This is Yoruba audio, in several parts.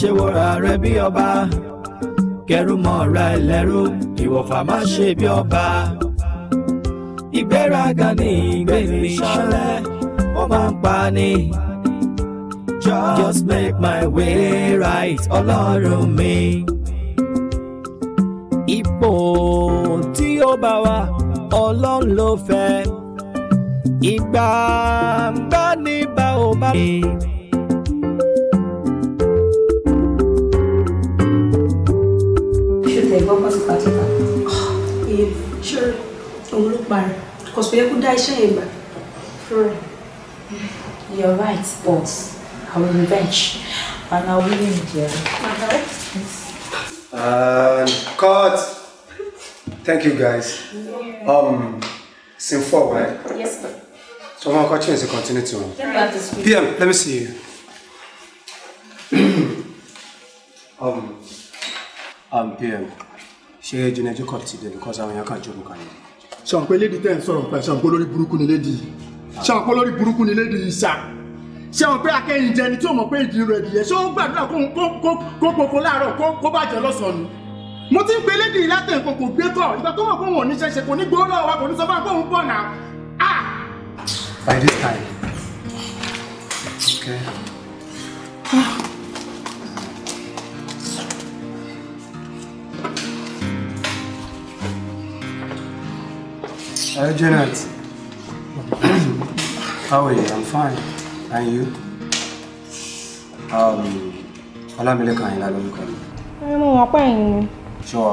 ṣe rẹ bí ọba kẹrùmọ̀ ra ẹlẹ́rú ìwọ̀fà má ṣe bí ọba. ìgbéraga ni ìgbéni ṣọlẹ̀ ó máa ń pa ni. just make my way right ọlọ́run mi. ipò tí ó bá wa ọlọ́run ló fẹ́ ìgbà ń bá ní bá ò bá mi. lè gbọ́ pọ̀ tipátipá. ìyẹn òun ló parí kò sì yẹ kó dá iṣẹ́ yẹn gbà fúnra. you're right but i will revenge and i will win in the end. and cut thank you guys um, scene four right. yes sir. so one culture is a continuity one. pm let me see you. um, I'm PM ṣé junior jacob ti dé because àwọn èèyàn kan jókòó kan ní. ṣàǹpé lady tẹ́ ń sọ̀rọ̀ pẹ̀ ṣàǹpé olórí burúkú ni lady yìí ṣàǹpé olórí burúkú ni lady yìí ṣá ṣàǹpé akẹ́yìn jẹ tí òun mọ̀ pé ìdí rẹ̀ dìé ṣé ó gbàdúrà kó kókó láàárọ̀ kó bàjẹ́ lọ́sàn-án ni. mo ti ń pe lady yìí látẹ̀ kò kò gbé kọ̀ ìgbà tó mọ̀ pé òun ò ní ṣẹ̀ṣẹ̀ kò ní gbowó ah! By this time. Okay. Ah! Hey, uh, Janet. How are you? I'm fine. And you? Um, Ọlámilékan Àyìnlá ló ń kọ́ mi. Ẹ mọ̀ wọ́n pa ẹ̀yìn ni.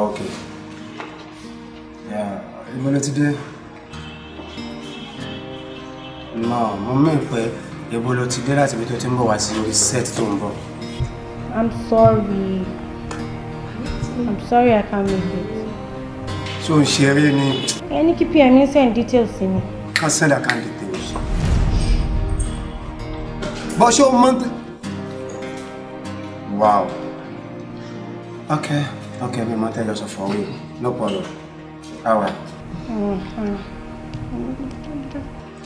okay? Yeah, ló ti to Nà mo mí pé ìgbọ́ ló ti dé I'm going to ti ń set tó ń I'm sorry. I'm sorry I can't make it so ń ṣe eré ni. ẹ ní kí pm ń send details sí mi. ká send account details. bọ́ ṣé o mọ. wow ok ok mi máa tẹ́lẹ̀ sọ fún mi no problem awa.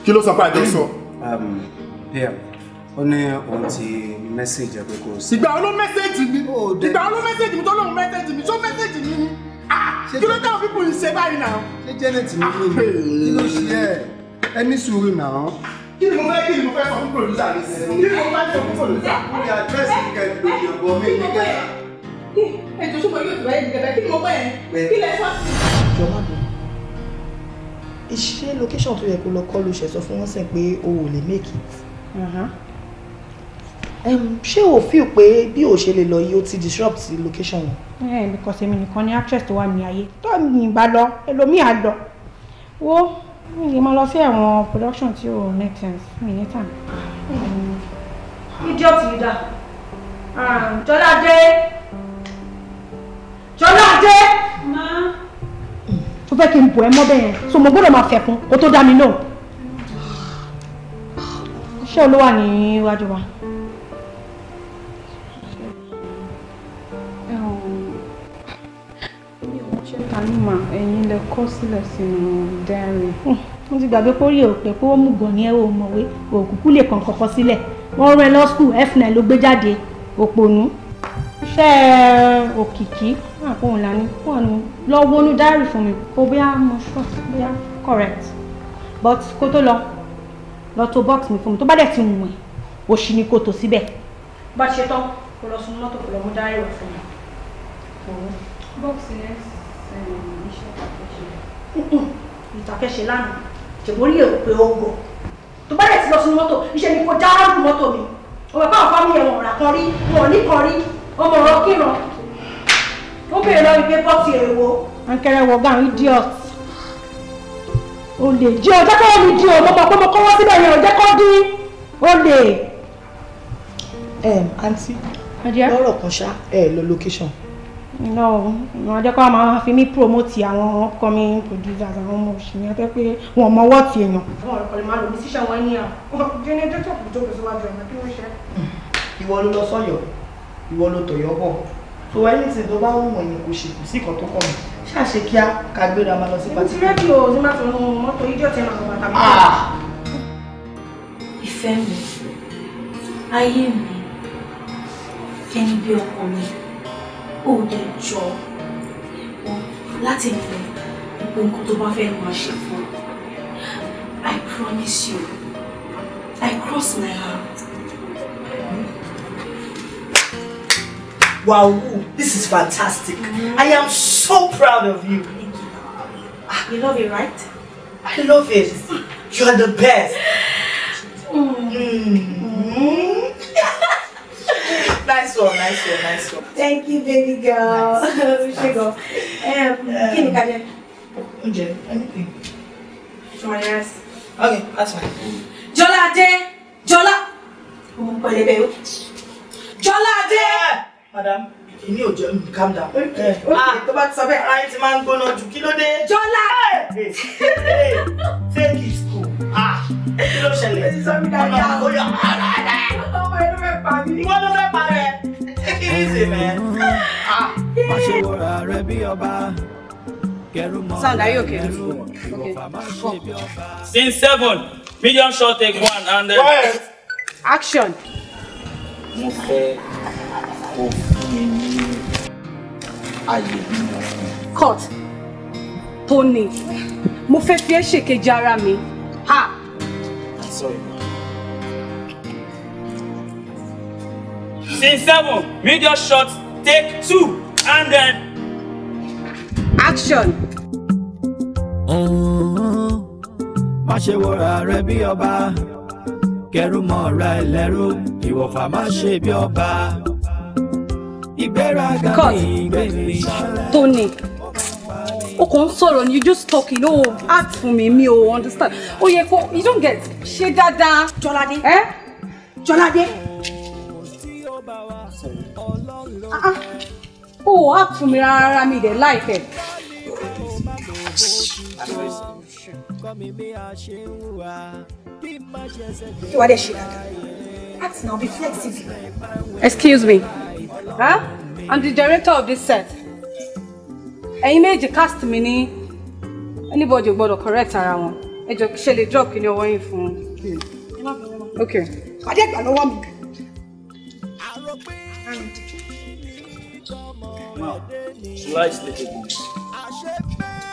kí ló sọ pé àjọ sọ. pm um, ó ní òun ti mẹ́sẹ̀jì ẹ̀ pé kò sí. ìgbà wo ló mẹ́sẹ̀jì mi ìgbà wo ló mẹ́sẹ̀jì mi tó lóun mẹ́sẹ̀jì mi kí ló dáhùn fífún ìṣe báyìí náà. ṣé Janet ní ilé ah, kí ló ṣe ẹ ẹ ní sùúrù náà. kí ni mo fẹ́ kí ni mo fẹ́ sọ fún pòlùsà mi sí i kí ni mo fẹ́ sọ fún pòlùsà. mo ní àdírẹ́sì kíkẹ́ ìdòdì ọ̀bọ mi kíkẹ́. ẹjọ ṣọmọ yóò tún ẹ gẹgẹ kí ni mo bẹ kí lẹ sọ. ìjọ location tó yẹ kó lọ kọ́ ló ṣẹ̀ sọ fún wọn sìn pé o ò lè make it ṣé o feel pé bí o ṣe lè lọ yìí o ti disrupt location wọn. ẹ eh, because èmi nìkan ni actress tó wà ní ayé tó mi ìbá lọ ẹlòmíì á lọ wo mi lè máa lọ sí ẹ̀wọ̀n production tí o make sense mi ní tàn. idiot yìí dà jọládé jọládé. tó fẹ́ kí n bọ̀ ẹ́ mọ́ bẹ́ẹ̀ yẹn so mo gbọ́dọ̀ máa fẹ̀kún kó tó dá mi náà. iṣẹ́ olówà ní iwájú wa. Halima ẹ̀yin lẹ kọ sílẹ̀ sínú dẹ́rìn. Hm, mo ti gbàgbé pórí òpè pé ó mú gan ni ẹ ò mọ̀wé òkùnkùn lè kàn kọ̀kọ́ sílẹ̀ wọ́n rán ẹ lọ skul f9 ló gbé jáde òpònú iṣẹ́ òkìkí àpòhùn ah, lání pọ̀nù lọ wọnú dárì fún mi kó bóyá mo short bóyá correct but kó tó lọ lọ tó box mi fún mi tó bá dẹ̀ ti wù ẹ́ òṣì ni kò tó síbẹ̀ bá ṣe tán kó lọ sun mọ́tò kó lọ mú dárì fún mi. bọ́ọ̀sì yẹn iṣẹ́ ìtàkẹ́ṣe ìtàkẹ́ṣe lánàá ṣègbórí èrò pé ó gbọ́ tó bá rẹ̀ ti lọ sí mọ́tò iṣẹ́ ni kò já rádùn mọ́tò mi ọmọ ẹ̀fọ́ àwọn fámìlì ẹ̀wọ̀n ọ̀rà kan rí wọn ò ní kan rí ọmọ ọ̀rọ̀ kíran ó béèrè lọ́ọ́ pé pọ́ọ̀tì èwo. ànkẹrẹ wọ gan idiot o lè jí ọjọ́ kọ́wọ́ mi di ọmọ mọ̀ pé mo kọ́wọ́ síbẹ̀ yẹn ọjọ́ kọ́ dín o lè. àǹtí lọ́rọ̀ kan ṣá ẹ lọ location iná o wọn jẹ́ kó máa fi mí promote àwọn upcoming producers àwọn ọmọ òṣìyàn tẹ́ pé wọn mọ ọwọ́ ti èèyàn. àwọn ọ̀rẹ́ máa lò mí síṣẹ́ wọn ní à jẹ́ni dẹ́tọ̀ kò jókòó síwájú ẹ̀mọ́ kí wọ́n ṣe. ìwọ ló lọ sọ́yọ̀ ìwọ ló tọ̀yọ̀ bọ̀ tó wáyé ní tìǹbù bá wù wọ̀nyí kò ṣèkù sí ìkan tó kọ̀ mí ṣáàṣe kíá ká gbéra máa lọ sí pàtàkì. ìtì rẹ́díò sí máa tún mọ́tò ijó tẹ máa bàtà mọ́. Ah! ìfẹ́ mi ayé mi ẹni bí ọkọ mi ó dẹ̀ jọ láti fún gbogbo nǹkan tó bá fẹ́ máa ṣe fún I promise you I cross my heart. Wow, this is fantastic. Mm I am so proud of you. Thank you. Ah, you love it, right? I love it. You're the best. Mm. Mm. mm. nice one, nice one, nice one. Thank you, baby girl. Nice. we should go. Um, kí ni ká anything. Ṣọlá rice. Okay, that's fine. Jola Adé! Jola. Ọmọ pẹlẹbẹ o. Jọlá Adé! Eh, madam, èmi ò mm, calm down. Okay, eh, ah, tó bá ti sọ bẹ́ẹ̀, ara yín ti máa ń gbóná jù. Kí ló dé? Jọlá! Eh, take it cool. Ah, kí ló ṣẹlẹ̀? Ó pa mí. ìwọ ló fẹ́ pa rẹ kiri sí mẹ. má ṣe wọra rẹ bí ọba kẹrù mọ kẹrù ọba má ṣe bí ọba. scene seven medium shot take one and then. Quiet. action. mo fẹ́ kó fún mi ní àyè mi. cut Tony mo fẹ́ fi ẹ́ ṣèkejì ara mi. Ha! I'm sorry. Scene 7. Video shot. Take two, And then... Action. Má ṣe wọra rẹ bí ọba, kẹrù mọ́ ẹlẹ́rú, ìwọ̀fà má ṣe bí ọba. Ìgbéraga ni ìgbé mi Tony, o kàn ń sọ̀rọ̀ ni you just talk you know act fún mi mi o understand. O yẹ you don't get ṣe dáadáa. Jọládé. Eh? Jọládé o ò hàp fún mi rárá mi dẹ̀ láìpẹ́. kí wàá ṣe dáadáa act now be flexible. excuse me huh? i'm the director of this set ẹ̀yin méjì cast mi ní anybody gbọ́dọ̀ correct ara wọn ẹ jọ ṣe lè drop kí ni ọwọ́ yín fún un. okay. pàdé ìgbà lọ́wọ́ mi. Now, slightly again.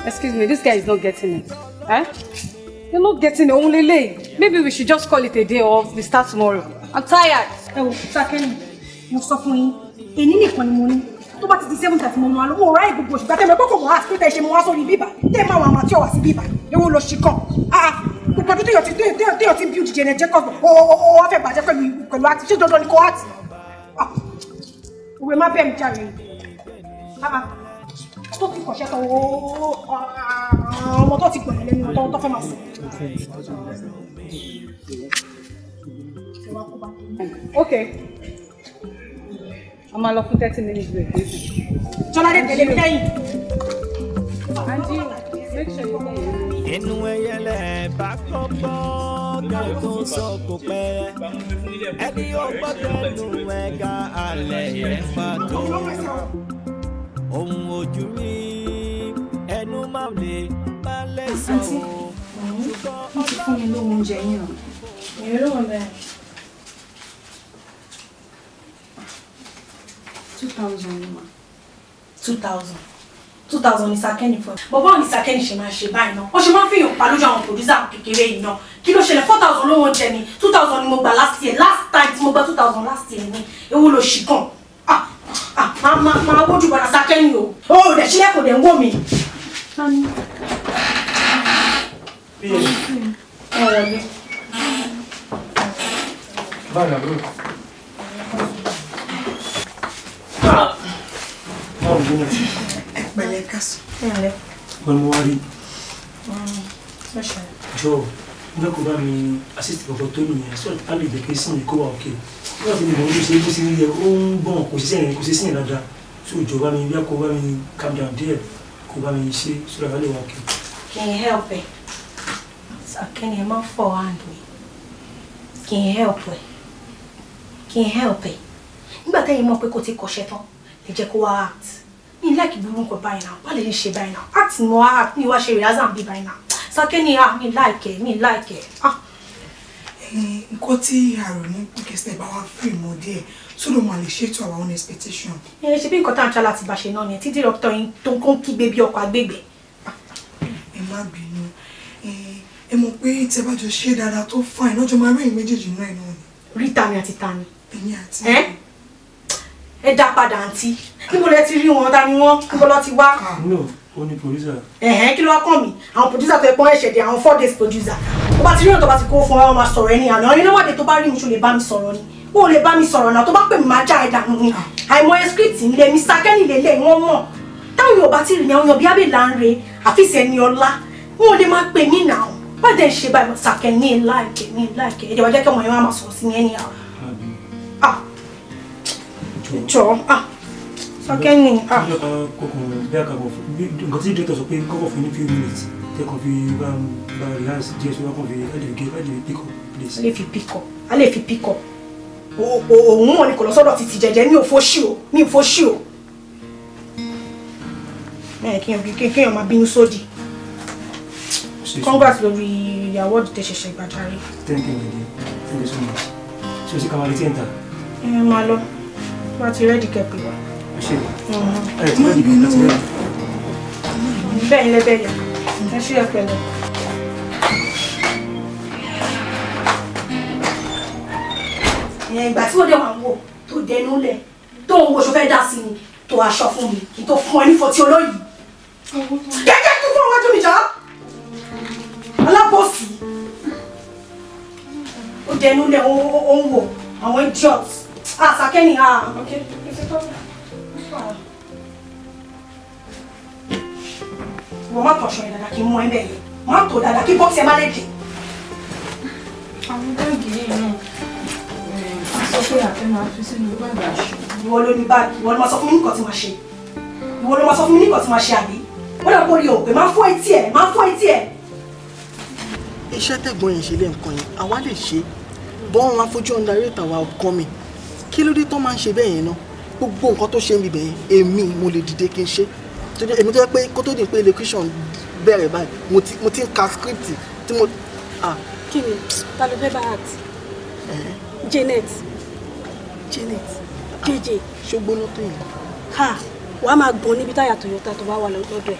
Excuse me, this guy is not getting it. huh? Eh? You're not getting it, only late. Yeah. Maybe we should just call it a day off. we start tomorrow. I'm tired. Ẹ wo, Sakeni, mo sọ fún yín, èyí nìkan ni mo ní. Tó bá ti di seven thirty mo nu alówó ọ̀rá ìgbogbo òṣùgbà tẹ́lẹ̀ kókò mọ́ àti pété ṣe mo wá sórí bíbà. Tẹ́ máa wà àmọ́ àti ọ̀wà sí bíbà. Ewo lo ṣì kàn. Ah, ah, gbogbo ọdún téèyàn ti téèyàn ti build jẹnẹ jẹ́ kọ́sùn. O o wá fẹ́ bàjẹ́ pẹ̀lú pẹ̀lú àti ṣé dandan ni kò àti. Ah, òwe má bẹ́ẹ̀ mi jáde bàbá tó ti kọ̀ṣẹ́ tó ọmọ tó ti gbọ̀n lẹ́nu ọ̀tọ̀ tó fẹ́ máa sùn. ok a máa lọ fún thirty minutes break. jọládé tẹ̀lé mi lẹ́yìn. inú ẹyẹlẹ bá kọ́ gbọ́ kí tó sọ kò pẹ́ ẹni ó gbọ́ tẹnu ẹ̀ka alẹ́ yẹn pàtó ohun ojú rí ẹnu máa lè má lè sọ o. ṣùgbọ́n ọlọ́run fún mi lóhun oúnjẹ yín o. èyí ló wọ̀ bẹ́ẹ̀. two thousand ni ma. two thousand two thousand ni sakeni fún ẹ. bọ̀bọ́ ni sakeni ṣe máa ṣe báyìí náà wọ́n ṣe máa ń fìyàn pa lójú àwọn pòdúsà kékeré yìí náà kí ló ṣẹlẹ̀ four thousand ló wọ́n ni two thousand ni mo gbà last year last time tí mo gbà two thousand last year ni ewu lo ṣì Ah, máa máa máa wójú bọ̀dà sákẹ́yìn o ó ò dẹ̀ sílẹ̀ kò dẹ̀ ń wò mí. Ẹ̀pẹ̀lẹ̀ kásán. Wọ́n mú wá rí. Jọ̀ọ́, ní kò bá mi assist bọ̀bọ̀ tó nìyẹn sọ̀rọ̀ á lè jẹ́ kí sàn ní kó wà òkè o náà ti lè wọ́n ṣe bó ṣe ń yẹ ó ń gbọ̀n kò sí sẹ́yìn kò sí sẹ́yìn tí òjò bá mi bí kò bá mi calm down díẹ̀ kò bá mi ṣe sórí àbálẹ̀ wa kì. can help ẹ sàkẹ́ni ẹ má fọ hand mi can you help ẹ can you help ẹ nígbà tẹ́yìn mọ̀ pé kò ti kọ̀ṣẹ́ tán lè jẹ́ kó wá act mi like burú nǹkan báyìí náà wà lè ṣe báyìí náà act ni mo act mi wá ṣe rìhásà bí báyìí náà sàkẹ́ni ah mi like ẹ mi like ẹ ah nǹkan tí àrò ní pínkẹ́sẹ̀ bá wá fún ìmọ̀ díẹ̀ tó ló máa lè ṣètò àwọn own expectation. ẹ ṣe bí nǹkan tá à ń ṣá láti bá ṣe náà ni tí dírọ́tọ̀ yín tó ń kó ń kígbe bí ọkọ̀ agbègbè. ẹ má bínú ẹ mọ̀ pé tẹ bá jọ ṣe dáadáa tó fún àìná jọ máa rí ẹ̀yìn méjèèjì náà inú ni. rí tani àti tani. ẹ̀yin àti. ẹ ẹ dá padà àǹtí níbo lẹ ti rí wọn ta wọn níbo lọ ti wá. Ah ó ní producer. ẹ̀hẹ́n kí ló wá kàn mí àwọn producer to ẹ pọ́n ẹ̀ṣẹ̀ dé àwọn four days producer tó bá ti rí ọ̀tọ̀ bá ti kó fún ọ máa sọ̀rọ̀ ẹni àná nínú wàdé tó bá rí mi ṣo lè bá mi sọ̀rọ̀ ni o ò lè bá mi sọ̀rọ̀ náà tó bá pè mí máa já ẹ̀dà mi àìmọye script ńlẹ̀ Mr. Kenny lélẹ̀ wọ́n mọ̀ táwọn Yorùbá ti rìn àwọn Yorùbá bẹ́ẹ̀ là ń re àfíìsì ẹni ọlá wọn ò lè máa pè mí nà ọ́ bá dẹ̀ ṣe báyìí Mr. Kenny like mi láìpẹ́ ẹ̀jẹ̀ wájú kẹ́wọ̀n yẹn wá máa sọ̀rọ̀ sí mi ẹni àwọn. jọ ah, ah sọkẹ́ ni. Ah. pick up please. a lè pick up a lè fi pick up òun mọ̀ ní kò lọ sọ́dọ̀ títí jẹjẹ mi ò fọ́ sí o mi ò fọ́ sí o. kéèyàn máa bínú sódì congrats lórí ìyàwó ọ̀dìtẹ̀ ṣẹ̀ṣẹ̀ ìgbàjáre. thank you my dear thank you so much ṣé o sì kàwá létí ẹ̀ ń ta. ẹ máa lọ bá ti rẹ́ẹ̀dì kẹ́pẹ́ wa. Mm-hmm. bẹ́ẹ̀ ni bẹ́ẹ̀ ni ẹ ṣe ẹ pẹ̀lẹ́. ìyẹn ìgbà tí wọ́n dẹ̀ wà ń wò tó dẹnu lẹ̀ tó ń wo ṣo fẹ́ dá sí ni tó aṣọ fún mi kí n tó fún ẹ ní fọtí olóyìí. gẹ́gẹ́ kí fún ọwájú mi jà alábòsí ó dẹnu lẹ̀ ó ń wò àwọn idiot àṣàkẹ́ni ah, àà. Ah, wọ́n má tọ̀ ṣọyìn dáadáa kí n mú ẹ bẹ́ẹ̀ yẹn má tọ̀ dáadáa kí bọ́ọ̀sì ẹ má lè dé. àwọn báàgì yìí náà eh, a sọ pé àfẹ́ máa fi sínú báàgì aṣọ. ìwọ ló ní báàgì ìwọ ló máa sọ fún mi nǹkan tí máa ṣe ìwọ ló máa sọ fún mi nǹkan tí máa ṣe àbí wọ́n dà kó rí o pé má fọ́ etí ẹ̀ má fọ́ etí ẹ̀. iṣẹ́ tẹ̀gbọ́n yẹn ṣe lé nǹkan yẹn àwa lè ṣe bọ́ọ̀rùn afọ́jú ọ̀ndarí ìtàwá ọkọ mi kí ló dé tó máa ń ṣe bẹ́ẹ̀ yẹn náà gbogbo nǹkan tó ṣe ń bibẹ̀ yẹn èmi mo lè dìde kí n ṣe torí èmi tó yẹ pé kó tó di pé electrician bẹ̀rẹ̀ báyìí mo ti ń ka script tí mo. kí ni ta fẹ́ bá act Janet Janet jj ṣogbóná tó yẹn. ha wàá máa gbọ́n níbi táyà Toyota tó bá wà lọ́dọ̀ ẹ̀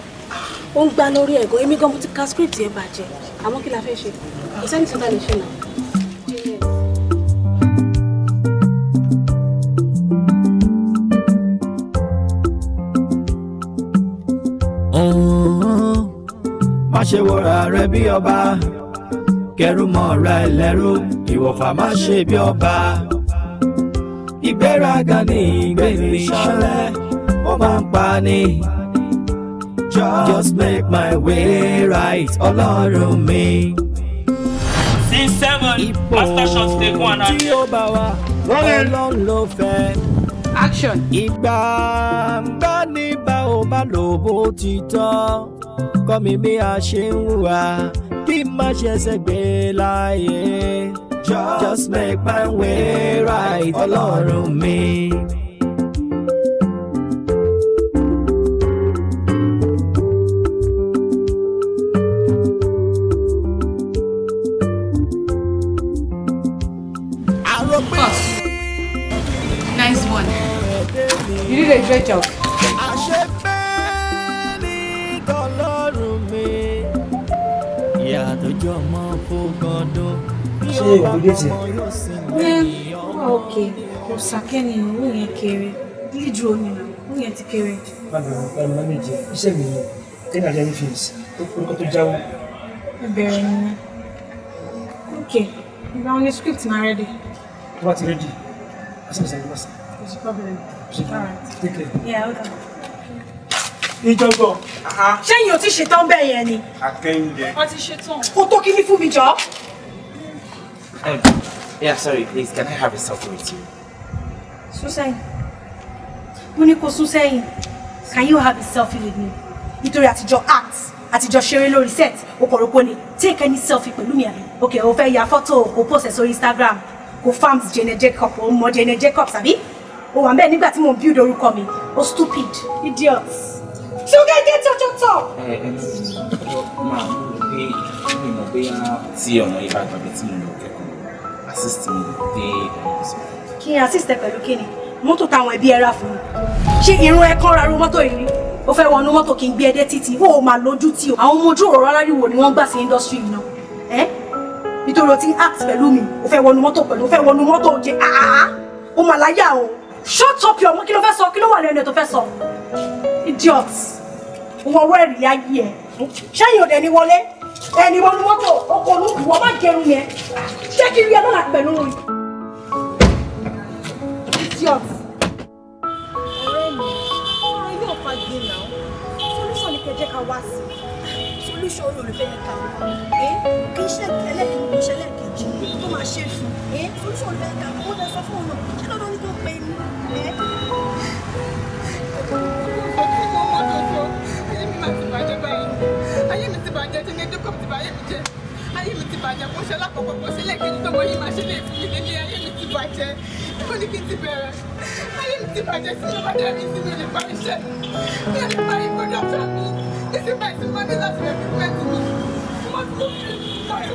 ó ń gbá lórí ẹ̀gọ́ èmi gan mo ti ka script yẹn bàjẹ́ àmọ́ kí la fẹ́ ṣe kò sẹ́ni tí ó bá lè ṣe náà. má rẹ bí ọba kẹrù mọ́ ra ẹlẹ́rú má ṣe bí ọba ìgbéraga ní ìgbé mi ṣọlẹ̀ ó máa ń pa ni just make my way right ọlọ́run mi. sí seven master shot take one and. tí ó bá wa ọlọ́run ló fẹ́. action. ìgbà ní bá bá lò bó ti tán kọ́ mi bí a ṣe ń hùwà kí n má ṣe ẹsẹ̀ gbé láàyè. just make my way right ọlọ́run mi. Ah. Nice one. You did a great job. ṣé ìgbélé tiẹ̀. wá òkè kò sàkẹ́ni òun yẹn kéré bílíjù omi náà òun yẹn ti kéré. bàbá mi bàbá mi méje iṣẹ́ mi ni ten and ten fifty tó kú kó tó jáwọ́. ìbẹ̀rẹ̀ ni òkè ìgbà wọn ni script náà ready. tó bá ti ready àṣẹ ìṣàlùbọ̀sà. kò sí problem. all right. take care. yeah, okay ìjọgbọ̀n. ṣẹ́yìn ò ti ṣetán bẹ́ẹ̀ yẹn ni. akẹ́yìndé. wọ́n ti ṣetán. kò tó kíní fún mi jọ. Um, yeah sorry please can I have a selfie with you. sún sẹ́yìn mo ní kó sún sẹ́yìn can you have a selfie with me nítorí àtijọ́ act àtijọ́ ṣeré lórí set okòrókó ni take any selfie pẹ̀lú mi àbí ok o fẹ́ ya fọ́tò kò post ẹ̀ sórí Instagram kò farms Jane Jacob o mọ Jane Jacob àbí o wà ń bẹ́ẹ̀ nígbà tí mo build orúkọ mi o stupid idiots ṣùgbọ́n jẹ́ tọ́tọ́tọ́. ẹ ẹ ti jọ máa mú un pé mi mọ̀ pé tí ọ̀nà yìí bá gbàgbé tí mo assist mi dé ọ̀nà kí n assist ẹ pẹ̀lú kíni mọ́tò táwọn ẹbí ẹ rà fún mi ṣé irun ẹ kán rárú mọ́tò yìí ni ó fẹ́ wọnú mọ́tò kí n ni wọ́n gbà industry yìí náà ẹ nítorí act pẹ̀lú mi ó fẹ́ wọnú mọ́tò pẹ̀lú ó fẹ́ wọnú mọ́tò òjè àá ó máa shut up your mouth kí ló fẹ́ sọ kí ló wà lẹ́nu ẹ̀ tó idiot wọ́n wọ́ ẹ̀rí ayé ẹ̀ ṣẹ́yìn òde ni wọlé ẹni wọnú mọ́tò ọkọ̀ olókùn wọ́n bá gẹrun yẹn ṣé kí n rí ẹ lọ́la pẹ̀lú rẹ̀ idiot. ọ̀rẹ́ mi ọ̀rọ̀ ilé ọ̀fà gbé náà solution ni kẹjẹ ká wá sí solution orí olùfẹ́ ní kàwé ẹ kì í ṣe ẹlẹ́kìnrin kì í ṣe ẹlẹ́kejì tó máa ṣe fún ẹ solution olùfẹ́ ní kàwé ó lọ sọ fún òun náà ṣé lọ́dọ̀ ní tó pe ní ẹ. gidi kò ti báyé mi ayé mi ti bàjẹ́ kó ṣe lákọ̀ọ́kọ́ kó ṣe lẹ́ẹ̀kejì tó wọ́n yìí máa ṣe lè fún mi nílé ayé mi ti bàjẹ́ kó ní kí n ti bẹ̀rẹ̀ ayé mi ti bàjẹ́ sí ló bá dẹ̀ sí mi lè parí iṣẹ́ mi lè parí kọ́dọ̀tà mi ní sí báyìí tí mo láti rẹ̀ fi pẹ́ sí mi mo tún mo tún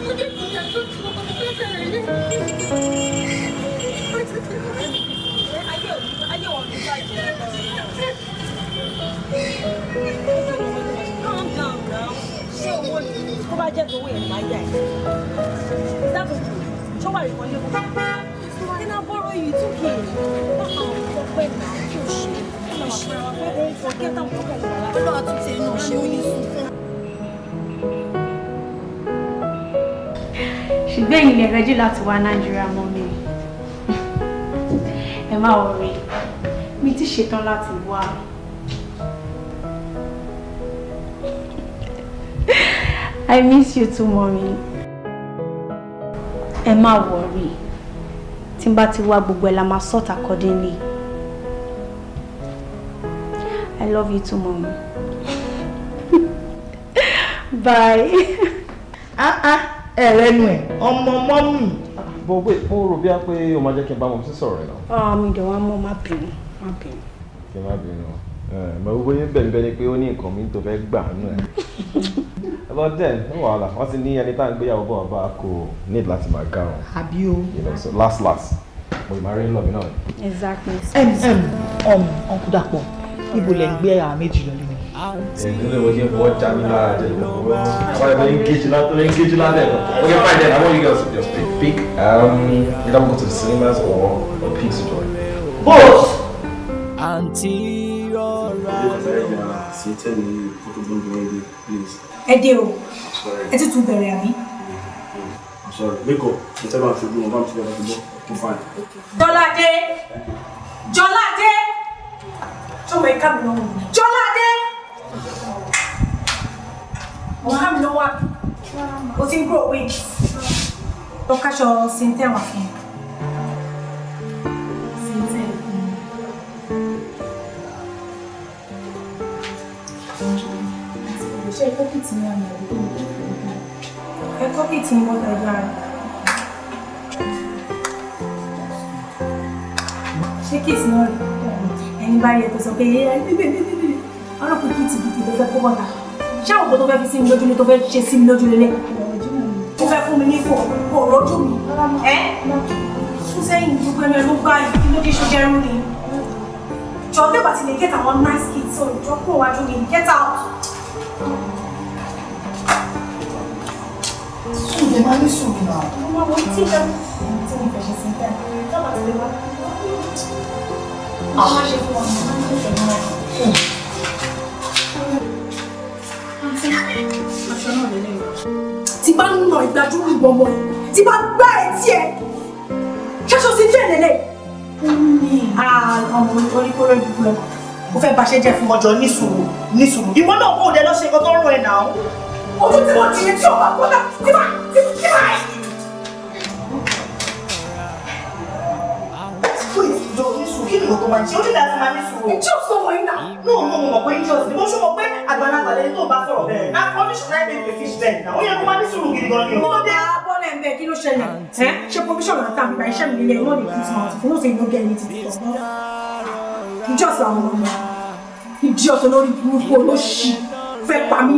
mú dé sí mi ẹ̀tọ́ tí mo fi fẹ́ bẹ̀rẹ̀ yé. ayé òní owó ni tó bá jẹ́ tówó yẹn máa yá ẹ̀. dábò tó wà nìkan ní kò kí náà bọ́rọ̀ yìí tún kì í bákan ọ̀pẹ náà tó ṣe tó ṣe ó ń fọ kẹta pọ̀pọ̀ tó lọ́wọ́ tún ti inú ṣe ó ṣùgbọ́n ẹ̀yin rẹ́jú láti wá nàìjíríà mọ́ mi ẹ má wọrí mi ti ṣetán láti wá. I miss you too, mommy. Emma, worry. Tí n bugwela ti sort accordingly. I love you too, mommy. Bye. Ah ah, ẹ rẹnu ẹ̀, ọmọ mọ́mì. Bọ̀ pé ó rò your a pé o máa jẹ́ kí n bá mọ̀ sí sọ̀rọ̀ rẹ̀ náà. Ọ̀ọ́ mi ah, dẹ̀ wá mọ́ Eh, mọ gbogbo yín bẹ̀rù bẹ́ẹ̀ ni pé ó ní nǹkan mi tó fẹ́ gbà nù ẹ̀ about then ní wàhálà wọ́n ti ní ẹni tá à ń gbéyàwó bọ̀ bá kò need láti máa ga wọn. àbí o. you know so last last mo ì máa rí lọ́ọ̀mì náà. exactly. ẹm ẹm ọm ọkùdàpọ̀ ibo lẹ ń gbé àwọn méjì lọ nínú. ìdílé wo ṣe fọwọ́ já mi lára jẹ ìdókòwò àwọn ẹgbẹ́ engage láti ẹgbẹ́ engage láti ẹ̀kọ́ ok fine then I want you guys to just pick pick um, either go to the cinemas or, or pick to join. both. auntie ẹ dé o ẹ ti tún bẹ̀rẹ̀ àmì. Jọládé Jọládé jọmọ ẹ ká mi lọ́wọ́ mi Jọládé mo há mi lọ́wọ́ àbí o ti ń gbọ́ òwe lọ́kàṣọ sí ń tẹ̀wọ̀n fún mi. ṣe ẹ̀kọ́ kì tí ní àmì àdúgbò ẹ̀kọ́ kì tí ń bọ́ dáadáa ṣé kì tí náà ẹni bá yẹ kó sọ pé ẹ ọlọ́pàá kì tí kìtì ló fẹ́ kó bọ́ta ṣé àwọn tó fẹ́ fi sí mi lójú ni tó fẹ́ ṣe sí mi lójú lélẹ̀ tó fẹ́ fún mi ní kò kò rọ́jú mi ẹ sún sẹ́yìn gbogbo ẹni ọdún gbá kí ló dé ṣojẹ́rú ni jọ tẹ́gbà ti lè get àwọn nice kids so ìjọ kúrò wájú mi get out. Kí ìjẹ máa ní sùn nínú àwọn. Mo máa wọ́n me ìjọba tí mo fẹ̀ṣẹ̀ sí tẹ́ tọ́ba ti lè wá. Mo ah. máa ṣe fún wọn, mo máa ń tẹ̀sẹ̀ mọ́ra. Aṣọ náà lélẹ̀ yìí. Tí bá ń nà ìgbàjú ìbọn mọ́ ẹ̀, tí bá gbá ẹ̀ tí ẹ̀, ṣáṣọ sí jẹ́ lélẹ̀. Àwọn ah, ọmọ orí kóró ìdúró lọ. Mo fẹ́ bá ṣe jẹ́ fún ọjọ́ nísùúrù nísùúrù. Ìwọ náà kò dé lọ ṣe nǹkan ẹ̀ náà ojú tí mo ti yẹ tí o bá kó náà tí bá tí bá ẹ. kí ni òtò máa ń ṣe ó ní láti máa ní sùúrù. ìjọ sọ wọn iná náà mo mọ̀ pé ìjọ sí mo ṣe mọ̀ pé àgbàlagbà lẹni tó bá sọ̀rọ̀ bẹ́ẹ̀ náà kọ́míṣọ̀nà ẹ̀ bẹ̀rẹ̀ fi bẹ́ẹ̀ náà ó yẹ kó máa ní sùúrù gidi gan ni. mo bẹ abọ́lẹ̀ ńbẹ kí ló ṣẹlẹ̀ ẹ ṣe pọfíṣọ̀nù àtàwọn ìgbà iṣẹ́ mi nílé ẹ̀ wọ́n lè kí tí mo ti fún òfin ló gẹ́ ẹni ti tọ̀ ìjọ sọ àwọn ọmọ ìjọ sọ lórí burúkú olóṣì fẹ́ pa mí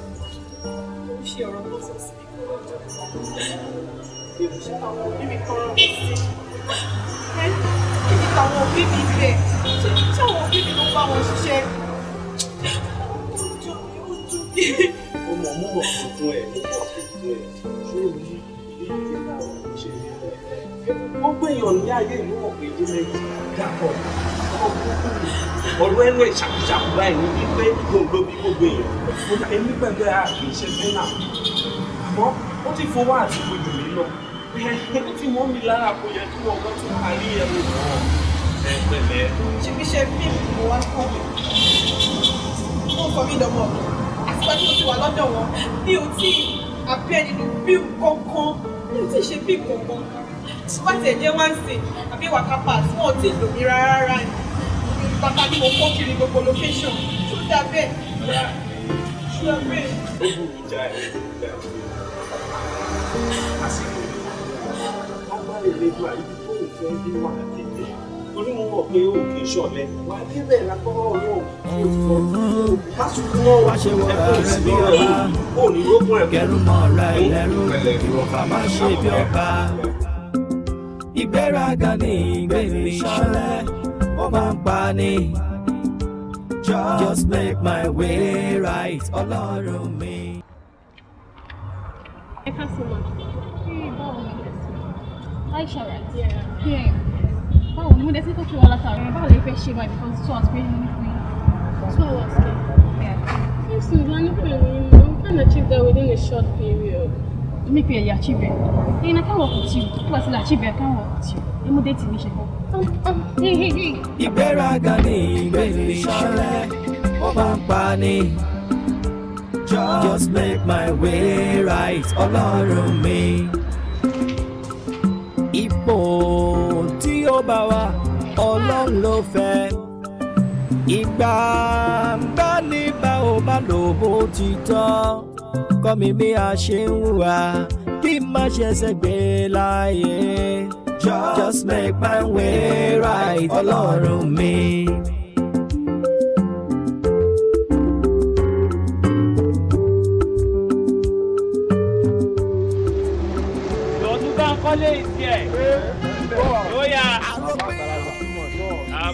ọ̀rọ̀ kí ni tàwọn òbí mi bẹ̀ ṣé àwọn òbí mi ló bá wọn ṣiṣẹ́ ojú mi ojú mi. o mọ̀ mú bọ̀ tuntun ẹ̀ bọ̀ tuntun ẹ̀ ní ayé ìlú ọ̀pẹ̀ ìdílé dàpọ̀ ọ̀rọ̀ burúkú ni ọ̀rọ̀ ẹ̀rọ ìṣàkóṣàkó báyìí ní wípé gbogbo bí gbogbo èèyàn mo èmi pẹ̀lú ẹ̀ àkè iṣẹ́ bẹ́nà àmọ́ ó ti fowó àti gbogbo mi lọ ó ti mọ́ mi lára kó yẹ kí wọ́n kọ́ tún parí ẹ̀rọ náà ẹ̀ pẹ̀lẹ́. ṣíbí ṣe fíìmù mo wá kọ́ mi mo sọ mí dọ́mọ̀ àtìgbà tí mo ti wà lọ́dọ̀ wọn bí o ti àpẹ́ nínú fíìmù kankan bí o ti ṣe fíìmù kankan tí wọ́n ẹ̀jẹ̀ wá ń sìn àbí wàkápá tí wọ́n ti lò mí rárá rárá ni bàtà tí mo kọ́ kiri gbogbo location tó dà bẹ́ẹ̀ tó dà bẹ́ẹ̀. ó bù mí já ẹ àsìkò agbára ìlẹ́jọ́ àyíkú tó ń fẹ́ bí wà á tètè torí mo mọ̀ pé o kì í ṣọ̀lẹ wà á débẹ̀ lágbọ́rọ̀ ọlọ́run lásìkò wá ṣe wọ́n rẹ̀ sí ọ̀la ó ní lókun ẹ̀kọ́ kẹrù mọ́ ra ìlẹ́rù ìwọ̀fà má ṣe bí ọba ìgbéraga ní ìgbé mi ṣọ̀lẹ ó máa ń pa ni. just make my way right ọlọ́run mi. ẹ ká sọ ma aisha right yeah. báwo ni mo dé sí tó kí wọn látàrí báwo lè fẹ́ ṣe my because two hours pé ní fún two hours kẹ. if so na ní pẹ̀lú you know you can achieve that within a short period. make you achieve it. ẹ̀yin na ká wọ̀ kùtì kí wàá sí la achieve it ká wọ̀ kùtì ẹ̀ mú déètì mi ṣe kọ́ ìgbéraga ni ìgbèrè ìṣọ̀lẹ̀ ó máa ń pa ni. just make my way right ọlọ́run mi. ipò tí ó bá wa ọlọ́run ló fẹ́. ìgbà ń bá ní bá ò bá lò bó ti tọ́ kọ́ mi bí a ṣe ń hùwà kí n má ṣe ẹsẹ̀ gbé láàyè just make my way right ọlọ́run mi.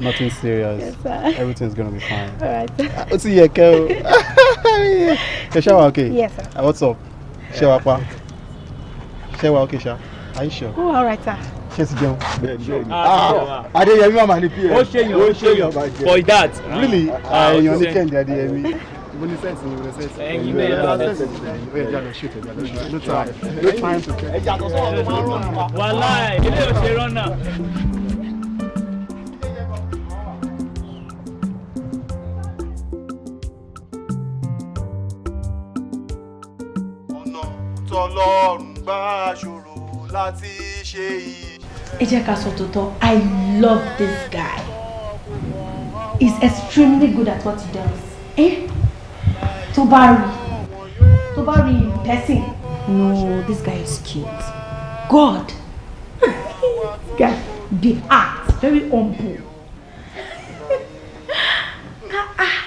Nothing serious. Yes, sir. Everything's gonna be fine. All right. Ah, ó ti yẹ kẹ́ o. Ṣé okay? Yes, sir. Ah, what's up? Ṣé wà pa? Ṣé wà okay, ṣá? Are you sure? Oh, all right, sir. Ṣé ti jẹun? Ah, Adéyẹmí màmá ni PM. Ó ṣe yàn, ó ṣe yàn. For that. Really? Èèyàn ní Kẹ́hìndé Adéyẹmí. Mo ní sẹ́ǹsì, mo ní sẹ́ǹsì. Ẹyin bẹ́ẹ̀ lọ sẹ́ǹsì. Ẹyin bẹ́ẹ̀ lọ ṣètò ẹ̀já lọ ṣètò. No time. No time to care. Ẹja tó sọ̀rọ̀ ló máa ń rọ̀ nípa. Wàhálà ẹ̀ ilé ò ṣe rọ́nà. ọlọ́run gbá ṣòro láti ṣe iṣẹ́. ẹ jẹ́ ká sọ tòótọ́ i love this guy he's extremely good at what he does. Eh? tó bá rí tó bá rí in person. no this guy is cute. god guy the act very humble. ah ah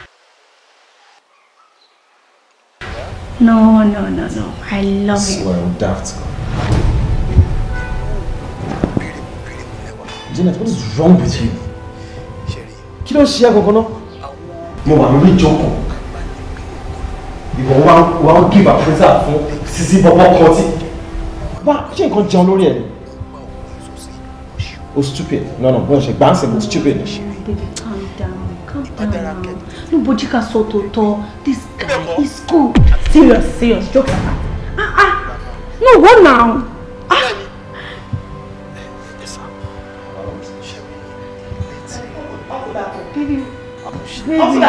No, no, no, no. I love Slow, it. Slow, daft. Janet, what is wrong with you? Kí ló ń ṣe agogo náà? Mo wà lórí ìjókòó. Ìwọ wa wa ń give appraisal fún sisi bọ́bọ́ kan tí. Bá ṣé nǹkan jẹun lórí ẹ̀ ni? stupid. No, no, bọ́n ṣe gbáǹsì mo stupid. Baby, calm down, calm down. Nobody can sọ tòótọ́. This guy is cool serious serious jokes apart ah ah no go now ah. Baby. Baby. ṣùgbọ́n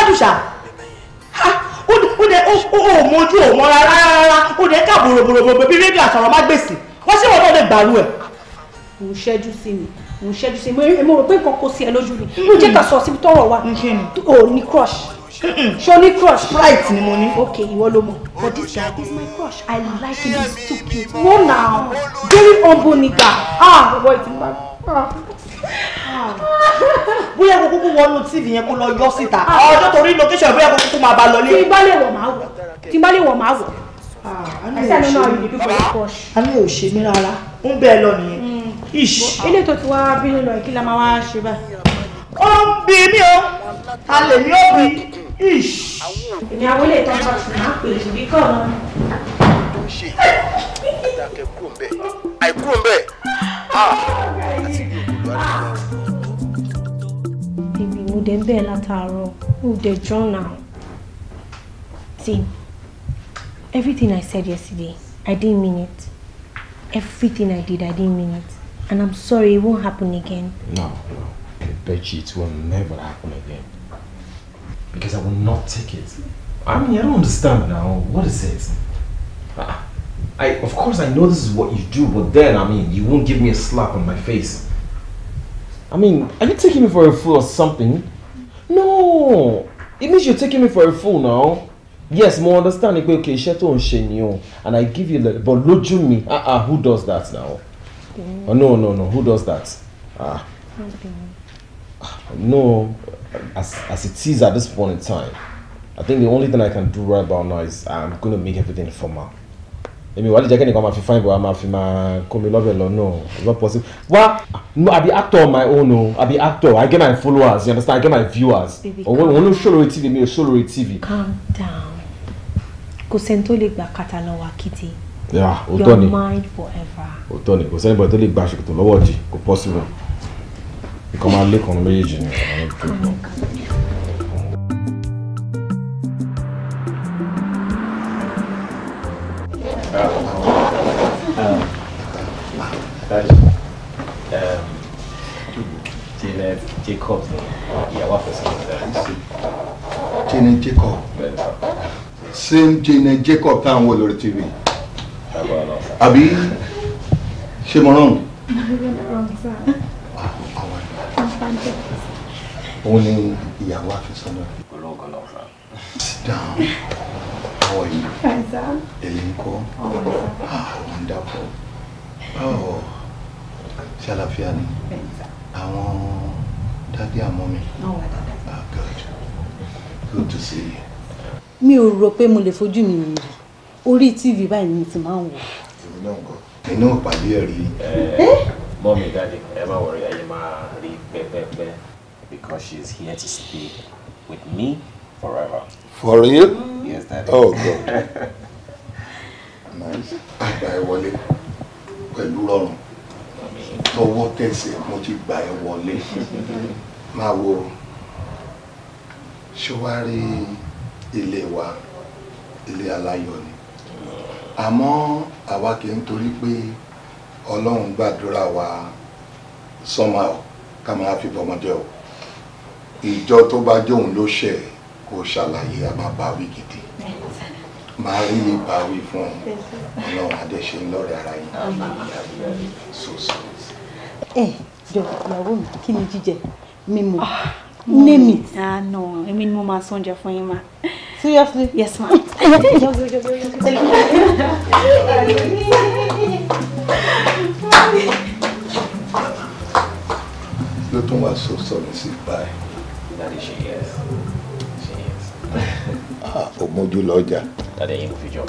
àdùsà ó mọ ojú òun ọ̀rá rárá ó dẹ̀ ká bòròbòròbòrò bí rédíò àsọ̀rọ̀ má gbèsè wọ́n sì wọ́n náà lè gbàrú ẹ̀. kò ṣẹ́jú sí mi mo ṣẹ́jú sí i mo rò pé nǹkan kò sí ẹ lójú mi mo jẹ́ ká sọ síbi tọ́rọ̀ wa o ní crush ṣé o ní crush. sprite ni mo ní. ok ìwọ ló mọ but this guy is my crush i like him he's too cute wo now very humble nigga ah boy ti ma ah. bóyá kó kúkú wọnú tv yẹn kó lọ yọ síta ah. Ah, ọjọ́ torí location bóyá kó kúkú máa bá lọ lé. tí n bá lè wọ̀ máa wọ̀ tí n bá lè wọ̀ máa wọ̀. àmì ò ṣe mí rárá ń bẹ́ẹ̀ lọ nìyẹn ilé tó ti wá bínú lọ kí la máa wá ṣe báyìí. ó ń bi mí o ta lè ní ó bi èmi àwọn ilé ìtọ́jú ọ̀sùn máa ń pè é bí kọ́ ọ̀nà. àìkúrò ń bẹ̀ àìkúrò ń bẹ̀ àti bí òkúlù àdúgbò mo dẹ̀ ń bẹ̀ látàárọ̀ mo dẹ̀ journal see everything I said yesterday I didn't mean it everything I did I didn't mean it And I'm sorry, it won't happen again. No, no. I bet you it will never happen again. Because I will not take it. I mean, I don't understand now. What is it? Ah, I, of course, I know this is what you do, but then, I mean, you won't give me a slap on my face. I mean, are you taking me for a fool or something? No! It means you're taking me for a fool now. Yes, more understand okay, iṣẹ́ on ń and I give you the but lójú mi, ah ah, who does that now? Oh no no no, who does that? Ah. No, as as it is at this point in time, I think the only thing I can do right about now is I'm gonna make everything formal. èmi wàá lè jẹ́ kẹ́nìkan máa fi fáìn bò wá máa fi máa kó mi lọ́bẹ̀ lọ náà it's not possible What? no I be actor on my own o I be actor I get my followers you understand I get my viewers òun ló ṣó lórí tv mi show ṣó lórí tv. calm down kò sẹ́ni tó lè gbà òótọ́ ni òótọ́ ni kò sẹ́ni bọ́ọ̀ tó lè gba ṣòkòtò lọ́wọ́ jì kò possible nǹkan máa lé kan méjèèjì ni àwọn tó tọ́. Janet Jacob ìyàwó àfẹsẹ̀kọ̀tà. Janet Jacob same Janet Jacob táwọn wò lórí TV àbí ṣé mo rán òun ni ìyàwó àfẹ́sọ́nà. olóńgọlọ ọ̀sán. sit down how are you. fine sir. èyí kọ́ ah wonderful báwo ṣe àlàáfíà ni àwọn dádì àmọ́ mi. ah good good to see you. mi ò rò pé mo orí tv báyìí ni ti máa ń wò. èmi náà kọ inú ìpàdé ẹ rí. mọ mi ẹ má wọrí ayé máa rí pẹpẹpẹ because she is here to stay with me forever. for real. yes daddy. oh god. nice. àgbà ẹ wọlé pẹ̀lú rọrùn tọwọ́ tẹsẹ̀ mo ti gbà ẹ wọlé máa wo ṣé wàá rí ilé wa ilé aláyọ̀ ni àmọ́ àwa kì í torí pé ọlọ́run gbàdúrà wa sọ́mà ọ̀ ká máa fi bọ́mọdé ọ̀ ìjọ tó bá jóun ló ṣẹ̀ kó ṣàlàyé àbábáwí gidi máa rí ìbáwí fún ọlọ́run adéṣe ńlọ́rẹ̀ ara yìí soso. ẹ jọ ìyàwó mi kí ni jíjẹ ah, mímu name it. ah no èmi ni mo máa sọ oúnjẹ fún yín máa. Seriously? Yes, ma'am. ló tún wá sọ sọ̀rọ̀ sí báyìí. Daddy, she is. She is. Ah, òmójú lọ́jà. Daddy, ẹ̀yin kò fi jọ.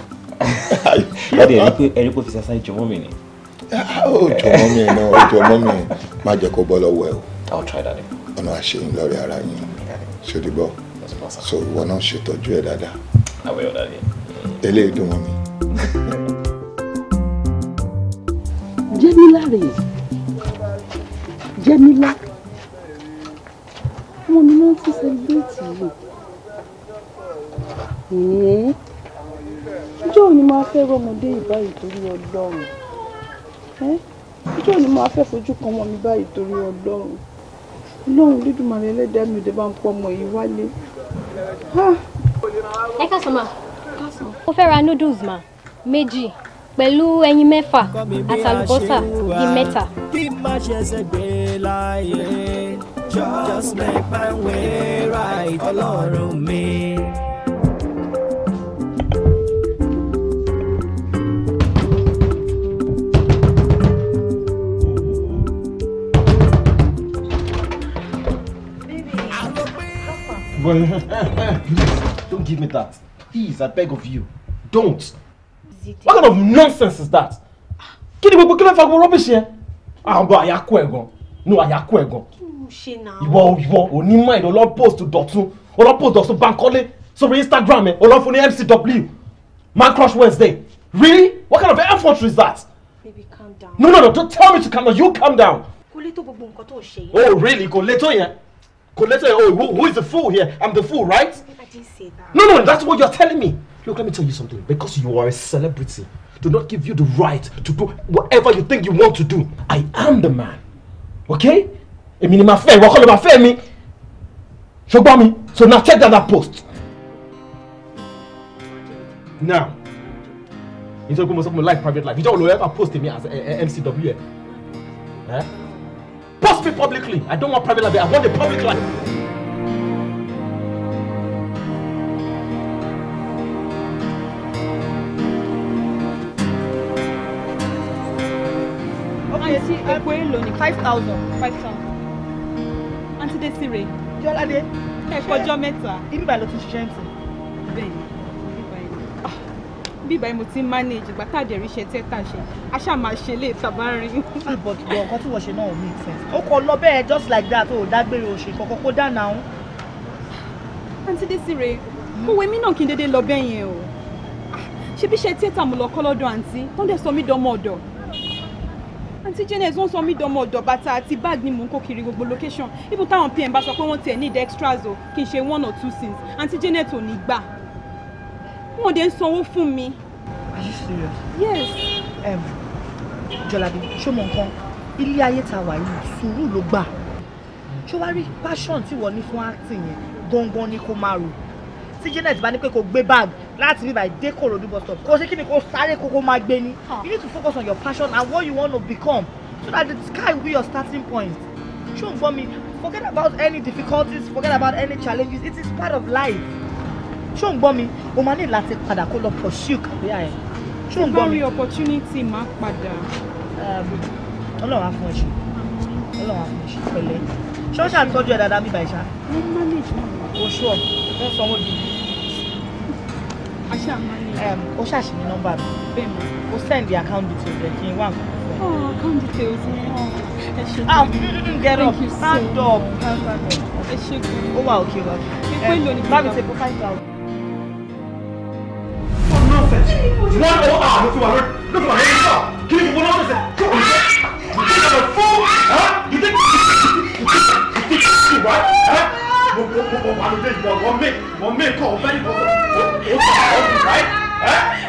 Daddy, ẹ̀rí kò fi ṣe aṣáájú jọmọ́ mi ni. Ó jọmọ́ mi náà, ó jọmọ́ mi. Má jẹ́ kó bọ́ lọ́wọ́ ẹ o. I'll try, Daddy. Ọ̀nà àṣeyìn lọ́rẹ̀ ara yín. Ṣé o ti bọ́? so ìwọ náà ṣètọ́jú ẹ̀ dáadáa eléyìí dùn mọ́ mi. jẹ́mílá rèé jẹ́mílá wọn ni wọ́n ti sẹ́lẹ̀bẹ̀tì yìí ìjọ ni máa fẹ́ rọmọdé ìbáyìí torí ọlọ́run ìjọ ni máa fẹ́ fojú kan ọmọ mi báyìí torí ọlọ́run ọlọ́run Olódùmarè ẹlẹ́dàá mi ò dé bá ń pọ́ ọmọ yìí wálé ẹ káàsán ma mo fẹ́ ra noodles ma méjì pẹ̀lú ẹyin mẹ́fà àtàlùbọ́sà di mẹ́ta. kí má ṣe ẹsẹ̀ gbé láàyè just make my way right ọlọ́run mi. Don't give me that. Please, I beg of you. Don't. What kind of nonsense is that? Kí ni gbogbo kí ló ń fa gbogbo rubbish yẹn? Àwọn ah, àyàkú ẹ̀ gan. No, àyàkú ẹ̀ gan. Kí ni mo ṣe náà? Ìwọ ìwọ onímọ̀ ìdọ̀ lọ post Dọ̀tun. O lọ post Dọ̀tun Bankole sórí Instagram ẹ̀. O lọ MCW. Man crush Wednesday. Really? What kind of effort is that? Baby, calm down. No, no, no, don't tell me to calm down. You calm down. Kò lè tó gbogbo nǹkan tó ṣe yẹn. Oh, really? Kò lè tó yẹn. Coletta, oh, who, who is the fool here? I'm the fool, right? I didn't say that. No, no, that's what you're telling me. Look, let me tell you something. Because you are a celebrity, do not give you the right to do whatever you think you want to do. I am the man. Okay? I mean, my fẹ́, What kọ́ ló máa fẹ́ mi. Ṣùgbọ́n so now check that, that post. Now, you talk about my life, private life. You don't ever post me as a, a, a MCW. Eh? eh Post me publicly. I don't want private life. I want the public life. Okay, oh, see, Five thousand. Five thousand. Auntie Desire. Jọ́ládé. Ẹ̀kọ́jọ́ mẹ́ta. Ibi báyìí ló ti ṣiṣẹ́ ń sìn. Bẹ́ẹ̀ni bíbá mo ti manage ìgbà tá àdẹ̀rí iṣẹ́ tẹ́ tà ṣe a ṣáà máa ṣe lè tàbá rìn. but gbọ̀ nǹkan tí wọ́n ṣe náà make sense ó kọ lọ bẹ́ẹ̀ just like that ó dágbére oṣù kọ̀ọ̀kan kó dáná o. àǹtí Desire òwe mi náà kí n dédé lọ bẹ́ẹ̀ yẹn o ṣé bí iṣẹ́ tẹ́ tà mo lọ kọ́ lọ́dọ̀ àǹtí tó ń dẹ̀ sọ mí dánmọ́ ọ̀dọ̀ àǹtí Janet wọ́n sọ mí dánmọ́ ọ̀dọ̀ bàtà àti bag ni mò ń kó kiri gbogbo location ibùdó táwọn pm bá sọ pé wọ́n tiẹ̀ need extras o kì í ṣe one or two things àǹtí Janet ò ní gbà wọn ò dé sanwó fún mi. are you serious. yes. Um, jọ̀làbí ṣó mọ nǹkan ilé ayé ta wà yìí sùúrù ló gbà ṣó wá rí passion tí wọ́n ní fún acting yẹn gangan ni kó máa rò tí Janet bá ní pé kó gbé bag láti bí báyìí dé Kòròdú bus stop kó ṣe kí ni kó sáré kókó máa gbé ni you need to focus on your passion and what you want to become so that the sky will be your starting point ṣó ń gbọ́ mi forget about any difficulties forget about any challenges it is part of life ṣó ń gbọ́ mi o máa ní láti padà kó lọ pursue career ẹ̀ ṣó ń gbọ́ mi. ìbárí opportunity máa padà. ọlọ́run á fún ẹ ṣe ọlọ́run á fún ẹ ṣe pẹ̀lẹ́ ṣé ó ṣàtọ́jú ẹ̀ dáadáa bíbá ìṣá. mo manage mi. oṣù ọ̀ wọ́n sanwó gidi. aṣá manage. o ṣàṣìní nọ́mbà mi. o send the account details rẹ̀ kí n wá nǹkan. Oh, account details. Oh, ah, be. Mm, mm, mm, get Thank up. you so much. Stand up. Stand up. Oh, wow, okay, well. People um, need to. 5,000 one oh ah ló fi wà lórí ló fi wà lórí sọ kí ni gbogbo lọ́wọ́ ṣe kí ni ṣe ṣe fún you think you think you see what mo mo mo wà lórí ìwọ wọ́n mé wọ́n mé kọ́ ọ̀fẹ́ ìwọ wọ́n mé kọ́ ọ̀fẹ́ ìwọ right.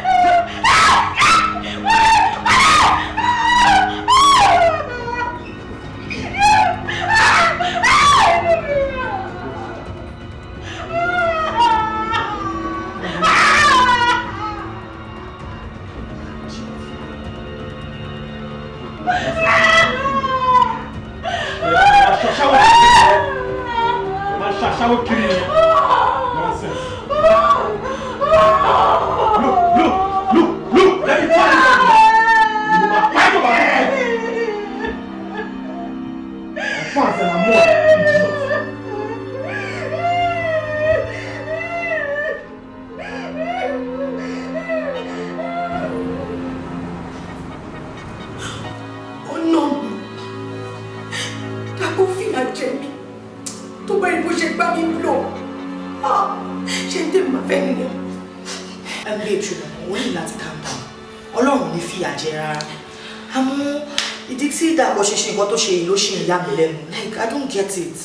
dà bó ṣe ṣe nǹkan tó ṣe yìí ló ṣe ìyá mi lẹ́nu like i don't get it.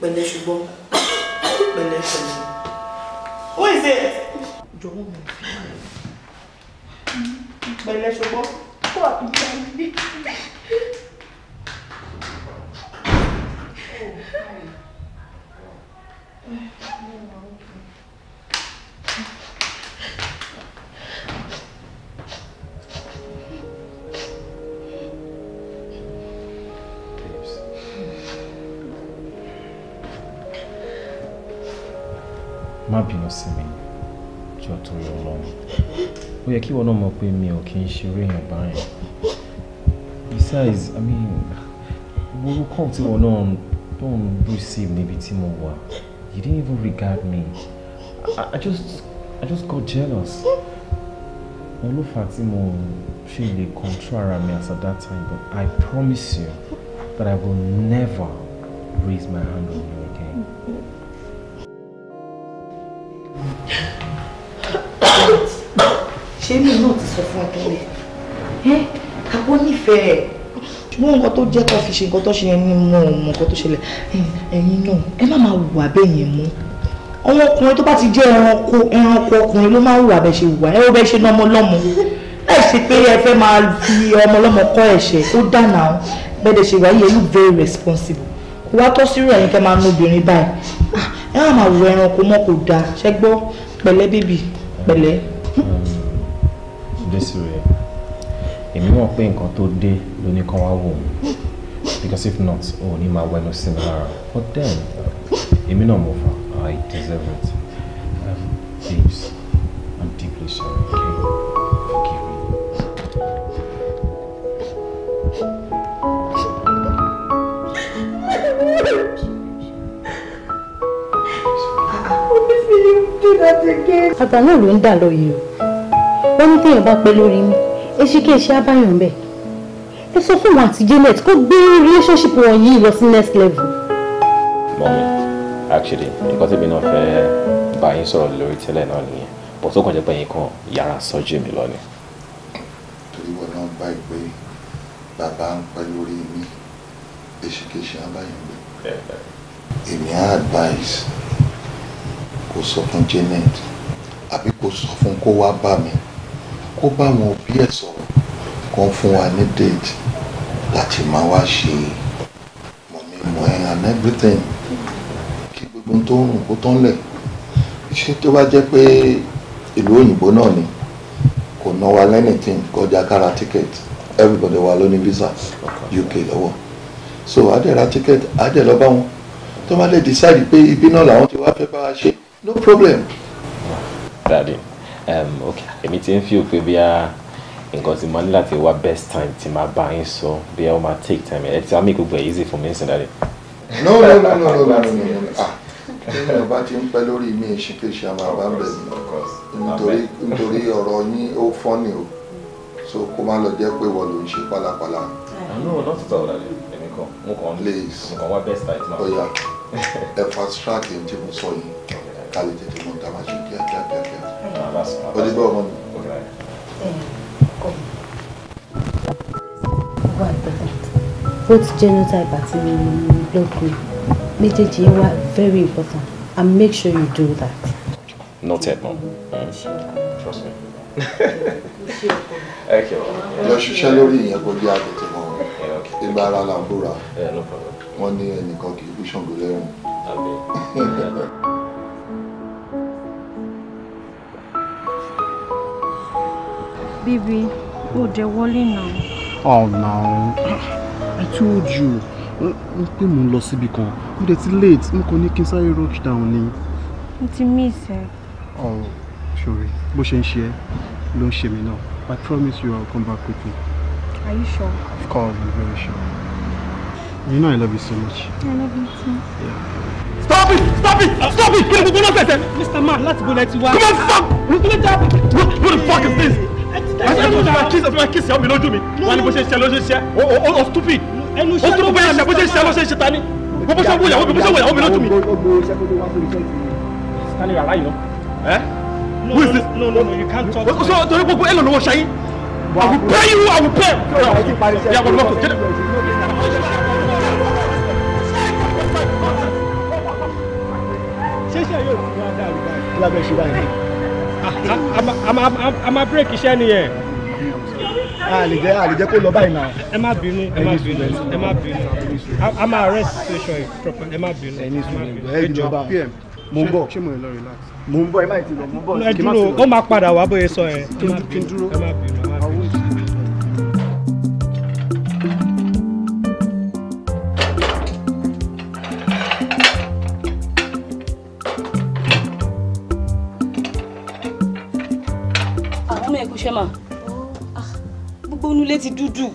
pẹ̀lẹ́ ṣùgbọ́n pẹ̀lẹ́ pẹ̀lẹ́. who is it. jọ̀wọ́ mi pẹ̀lẹ́ ṣùgbọ́n. Oh, hi. má bínú sí mi jọ torí Ọlọ́run ó yẹ kí wọn náà mọ̀ pé mi ò kí ń ṣeré èèyàn báyìí besides i mean gbogbo kọ́ọ̀ tí wọn náà tó ń receive níbi tí mo wà you didn't even regard me i, I just i just got jealous wọn ló fà á tí mo ṣe lè control ara mi as at that time but i promise you that i will never raise my hand on you ṣé mi náà ti sọ fún ẹ tẹ́lẹ̀ ẹ́ àbó nífẹ̀ẹ́ ṣùgbọ́n nǹkan tó jẹ́ kó fi ṣe nǹkan tó ṣe yẹn ni mo mọ nǹkan tó ṣẹlẹ̀ ẹ̀yin náà ẹ má máa wù àbẹ́yìn mú ọmọ ọkùnrin tó bá ti jẹ́ ẹranko ẹranko ọkùnrin ló máa ń wà bẹ́ẹ̀ ṣe wà ẹ ó bẹ́ẹ̀ ṣe lọ́mọ lọ́mọ láì ṣe pé ẹ fẹ́ máa fi ọmọ lọ́mọ kọ́ ẹ̀ṣẹ̀ ó dànà ó bẹ́ẹ̀ ṣe wà yẹ you very responsible kó wá tọ́ sírò ẹ̀yin kẹ́ máa ń obìnrin báyìí ah, ẹ má máa wọ ẹranko mọ́ kò dáa ṣẹ́gbọ́ pẹ̀lẹ́ bébì pẹ̀lẹ́. Desiree èmi mọ̀ pé nǹkan tó dé ló ní kán wá wò mí because if not o ò ní máa wẹnu sí mi lára but then èmi náà mo fà I deserve it um, babes I'm deeply sorry okay forgive me. àgbà náà ló ń dà lóye o wọ́n ní téèyàn bá pẹ́ lórí mi èsì kí èsì abáyọ̀ ń bẹ̀ ẹ sọ fún wọn àti Janet kó gbé relationship wọn yìí lọ sí next level. mọ́mí actually nǹkan tẹ́mi náà fẹ́ bá yín sọ̀rọ̀ lórí tẹ́lẹ̀ náà nìyẹn bọ̀ tó kàn jẹ́ pé yín kan yàrá sọ́jú mi lọ́ni. torí wọn náà bá ìpè bàbá ń pẹ́ lórí mi èsì kí èsì abáyọ̀ ń bẹ̀ èmi á advice kó sọ fún Janet àbí kó sọ fún kó wá bá mi kó bá àwọn òbí ẹ̀ sọ̀rọ̀ kan fún wa ní date láti máa wá ṣe mọ̀mí mọ̀ ẹ̀ and everything kí gbogbo tó ń rùn kó tán lẹ̀ ṣé tó bá jẹ́ pé ìlú òyìnbó náà ni kò ná wa anything kọjá kára ticket everybody wa ló ní visa UK lọ́wọ́ so adẹ́ra ticket adẹ́ lọ bá wọn tó bá lè decide pé ibi náà làwọn ti wá fẹ́ bá wa ṣe no problem. Daddy èmi ti ń feel pé bóyá nǹkan tí mo ní láti wá best time tí máa bá yín sọ bóyá ó máa take time ẹ̀ tí wàá make gbogbo ẹ̀ easy for me nsìn dáre. no no no no no no no ah kí ni ọba ti ń pẹ́ lórí mi ìṣìkèṣì àwọn àbá bẹ̀ mí nítorí ọ̀rọ̀ yín ó fọ́nì o so kó má lọ jẹ́ pé wọ́n ló ń ṣe pálapàla. Ah, no not at all èmi kan mo kàn please mo kàn wá best time máa. ọ̀ya ẹ fast strike ẹ̀ ń tí mo sọ yìí ká tètè mọ̀ tá a máa ṣe kíákíá kíákíá pass. I'll pass. Okay. Right. Both genotype àti blood group méjèèjì wà very important and make sure you do that. Noted, mom. Trust me. okay, well. Yọ ṣiṣẹ́ lórí ìyẹn kò bí àtètè mọ́ ìgbà ara làbúrà. Wọ́n ní ẹnìkan Baby, oh, they're walling now. Oh, now. I told you. pé mò ń lọ síbi kan mo late mo kàn ní kí n sáré rush down ni. mo ti miss ẹ. oh sorry bó ṣe ń ṣe ẹ ló ń ṣe I promise you I will come back quickly. are you sure. of course I'm very sure. you know I love you so much. I love you too. Yeah. stop it stop it stop it kí ni gbogbo náà fẹsẹ̀. Mr. Man go let you wá. come on stop. what the fuck is this ẹnu ṣe máa kíṣe máa kíṣe ọmọ lójú mi wọn ni bó ṣe ṣe ló ṣe ṣe ó stupid ó tún bóyá ṣe bó ṣe ṣe ló ṣe ṣe ta ni bó ṣe wọ ìyàwó mi bó ṣe wọ ìyàwó mi lójú mi. stanley aláì lọ. ẹ who is this. no no no you can't talk. o sọ torí gbogbo ẹ lọ lọ́wọ́ ṣayé I will pay you I will pay. yà wọ́n lọ́kọ̀ jẹ́dẹ̀. ṣé ṣe yóò fún wa dáadáa. kí la bẹ ṣe báyìí a máa break iṣẹ́ nìyẹn. a lè jẹ́ a lè jẹ́ kó lọ báyìí náà. ẹ má bínú ẹ má bínú ẹ má bínú a máa arrest situation proper ẹ má bínú. ẹni sùn ẹ jọba mo ń bọ̀ mo ń bọ̀ ẹ má ti lọ mo ń bọ̀. ẹ dúró ó máa padà wá bóyá sọ yẹn. kí n dúró ilé ti dúdú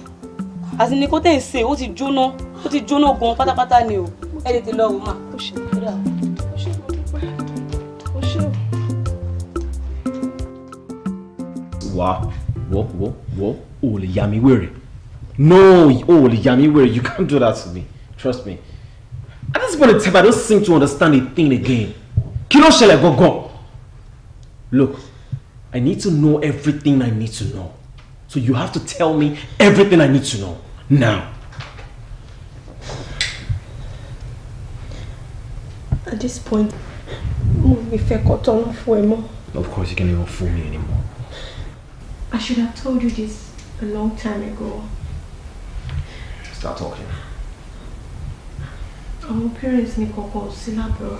àti ní kó tẹ̀ ń sè ó ti jóná ó ti jóná gan pátápátá ni o ẹ tètè lọ wò má. wà wọ́ wọ́ wọ́ o lè yà mí wèrè no o ò lè yà mí wèrè you can't do that to me trust me at this point in time I don't seem to understand a thing again kí ló ṣẹlẹ̀ gangan look I need to know everything I need to know. So you have to tell me everything I need to know now. At this point, of course, you can't even fool me anymore. I should have told you this a long time ago. Start talking. Our parents ní kọ̀kọ̀ sí lábúrò.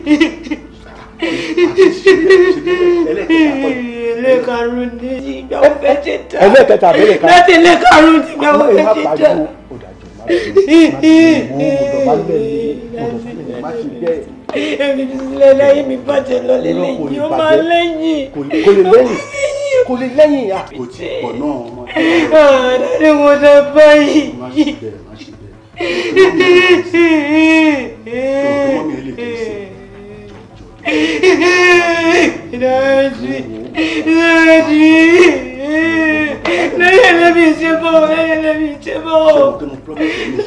ilé karùn ní ìgbà ó fẹ́ ṣe dá ẹlẹ́kẹta abẹ́rẹ́ kan láti ilé karùn ní ìgbà ó fẹ́ ṣe dá. èmi nílẹ̀ lẹ́yìn mi bàjẹ́ lọ lẹ́yìn yìí ó máa lẹ́yìn. kò lè lẹ́yìn kò lè lẹ́yìn àpò tí pọ̀ náà ọmọ tó ń bọ̀. àdáni mo dá báyìí. má ṣe bẹ̀rẹ̀ má ṣe bẹ̀rẹ̀. tó o tó mọ́ mi lè kí n sè é. Daddy, daddy, lẹ́yìn lẹ́bi ìṣẹ́bọ̀, lẹ́yìn lẹ́bi ìṣẹ́bọ̀. Ṣé mo pé mo promise mi?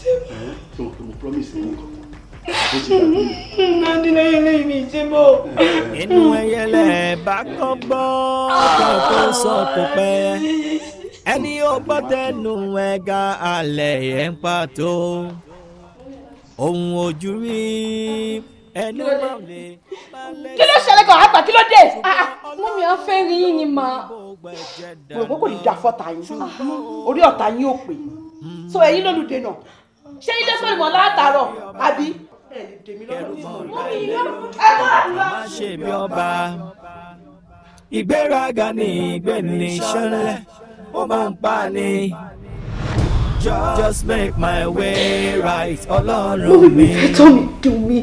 Ṣé mo pé mo promise mi Nadi lẹ́yìn lẹ́yìn mi ìṣẹ́bọ̀. Inú ẹyẹlẹ bá kọ́ gbọ́, kọ́ tó sọ kò pẹ́. Ẹni ó gbọ́ tẹnu ẹ̀ga alẹ̀ yẹn pàtó. Ohun ojú rí ẹni máa lè. kí ló ṣẹlẹ̀ gan àgbà kí ló dé. Ah, ah, mú mi á fẹ́ rí yín ni mà. gbogbo kò ní da fọ́tà yín orí ọ̀tá yín ò pè so ẹ̀yin lólùdè náà ṣé ilé fún ìmọ̀ látàárọ̀ àbí. má ṣe ìgbéraga ni ìgbéni ṣẹlẹ̀ ó máa ń pa ni. Just make my way right, Ọlọ́run mi. Lórí mi, mi dùn mí.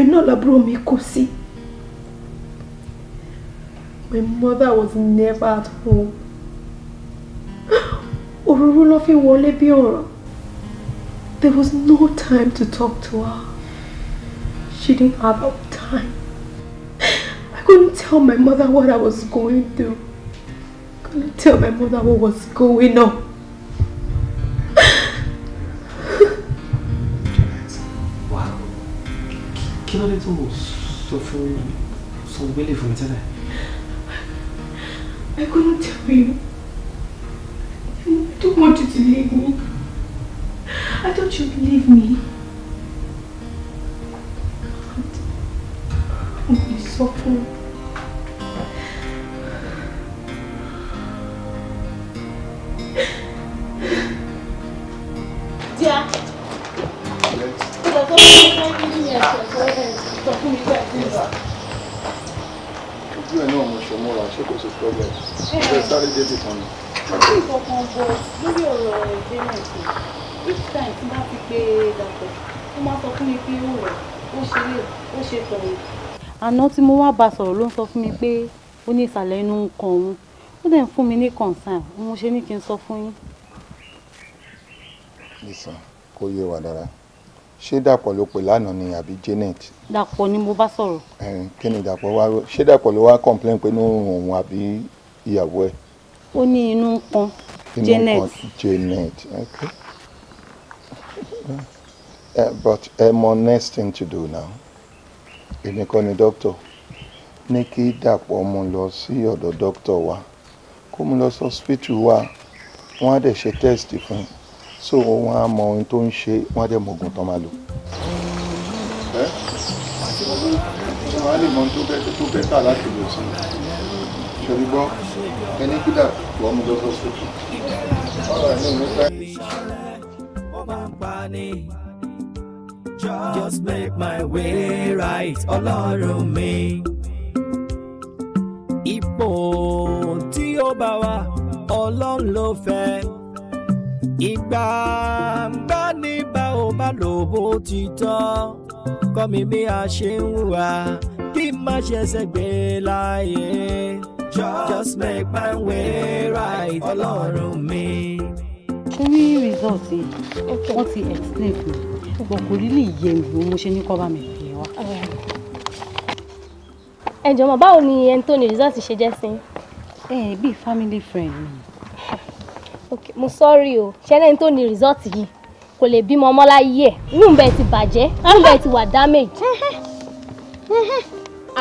ẹ̀ náà làbúrò mi kò sí. My mother was never at home. Òróró ló fi wọlé bí ọ̀rọ̀. There was no time to talk to her. She didn't have time. I couldn't tell my mother what I was going through. I couldn't tell my mother what was going on. kí I couldn't tell you. I don't want you to leave me. I thought you'd leave me. God, I'm suffering. àná tí mo wá bá sọ̀rọ̀ ló ń sọ fún mi pé ó ní ìsàlẹ̀ inú ń kan òun ó dẹ̀ ń fún mi ní concern mo ṣe ní kí n sọ fún yín. listen kó yé wa dára ṣé dàpọ̀ ló pè lánàá ni àbí Janet. dàpọ̀ ni mo bá sọ̀rọ̀. kí ni dàpọ̀ wá ṣé dàpọ̀ ló wá complain pé inú òun àbí ìyàwó ẹ̀. ó ní inú ń kan Janet. inú ń kan Janet okay. uh, but ẹ mọ next thing to do now èmi kọ́ ni dókítọ̀ ní kí dàpọ̀ mú lọ sí ọ̀dọ̀ dókítọ̀ wa kó mú lọ sọ́spítù wa wọ́n á dẹ̀ ṣe tẹ́sítì fún un so wọ́n á mọ ohun tó ń ṣe wọ́n á dẹ̀ mọ tán máa lò. wọ́n á lè mọ ohun tó bẹ́ẹ̀ tó bẹ́ẹ̀ tà láti lò sí ṣòrí gbọ́ ẹni kí dàpọ̀ mú lọ sọ́spítù. ọ̀rọ̀ ẹ̀ ní ìlú fẹ́ just make my way right ọlọ́run mi. ipò tí ó bá wà ọlọ́run ló fẹ́. ìgbà ń bá ní bá ò bá lò bó ti tọ́ kọ́ mi bí a ṣe ń hùwà kí má ṣe ẹsẹ̀ gbé láàyè. just make my way right ọlọ́run mi. ṣé ní result yìí wọ́n ti explain fún mi ṣùgbọ́n kò rí lè yé mi mo ṣe ní kọ́ mi pè wá. ẹ jọ̀mọ̀ báwo ni ẹni tó ṣe jẹ́ sí. ẹ ẹ family friend mi. ok mo sọ́ọ̀rì o ṣẹlẹ́ni Anthony ní resort yìí kò lè bímọ ọmọ láyé ẹ̀ rúùmbẹ̀ ti bàjẹ́ rúùmbẹ̀ ti wà damage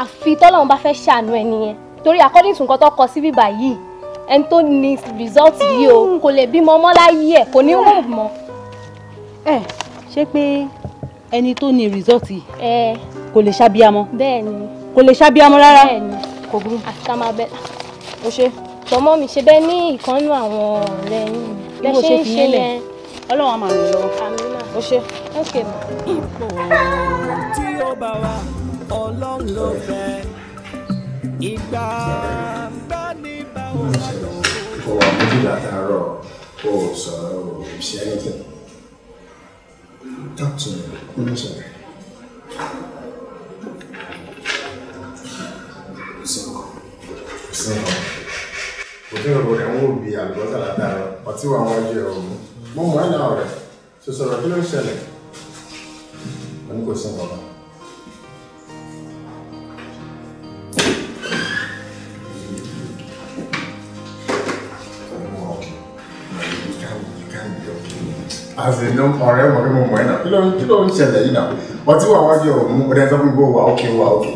àfi tọ́lọ́run bá fẹ́ ṣàánú ẹni yẹn torí according to nǹkan tó kọ sí bíbà yìí ẹni tó ní result yìí o kò lè bímọ ọmọ láyé ẹ̀ kò ní wọ́n mọ́ ṣé pé ẹni tó ní result yìí kò lè ṣàbíamọ. bẹ́ẹ̀ni kò lè ṣàbíamọ rárá kò burú. o ṣe. tọmọ mi ṣe bẹ ní ìkànnù àwọn ọ̀rẹ́ yín bẹ ṣe ń ṣe yẹn Ọlọ́run àmà lọ o ṣe. ma. ipò tí ó bá wa Ọlọ́run ló fẹ́ ìgbà bá ní bá òun. ìfowópamọ́ ti látàárọ̀ kó sọ̀rọ̀ o ṣe That's uh, almost all. kò tí ìrọ̀bọ̀ rẹ̀ ń wò bí àlùbọ́sà látara ọtí wà wọ́n jẹ́ ọ̀hún mo mọ̀ ẹ́ náà rẹ̀ sọ̀rọ̀ kí ló ń ṣẹlẹ̀ wọn ni kò sí ọ̀bọ̀ àṣẹjọ ọ̀rẹ́ mọ̀ pé mo mọ̀ ẹ́ náà kí ló ń kí ló ń ṣẹlẹ̀ yìí náà ọtí wà wájú ọ̀hún mo dẹ́n sọ fún gbogbo wa okay wa okay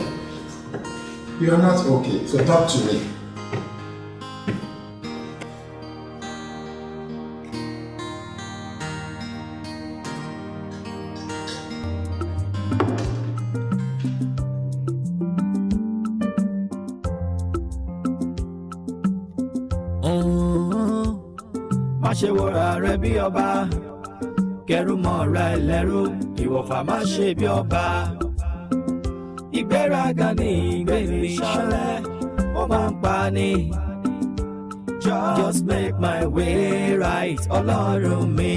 you are not okay so talk to me. Oh, oh, oh. ṣe wọra rẹ bí ọba kẹrù mọ́ra ẹlẹ́rú ìwọ̀fà má ṣe bí ọba. ìgbéraga ní ìgbéni ṣọlẹ̀ ó máa ń pa ni. just make my way right ọlọ́run mi.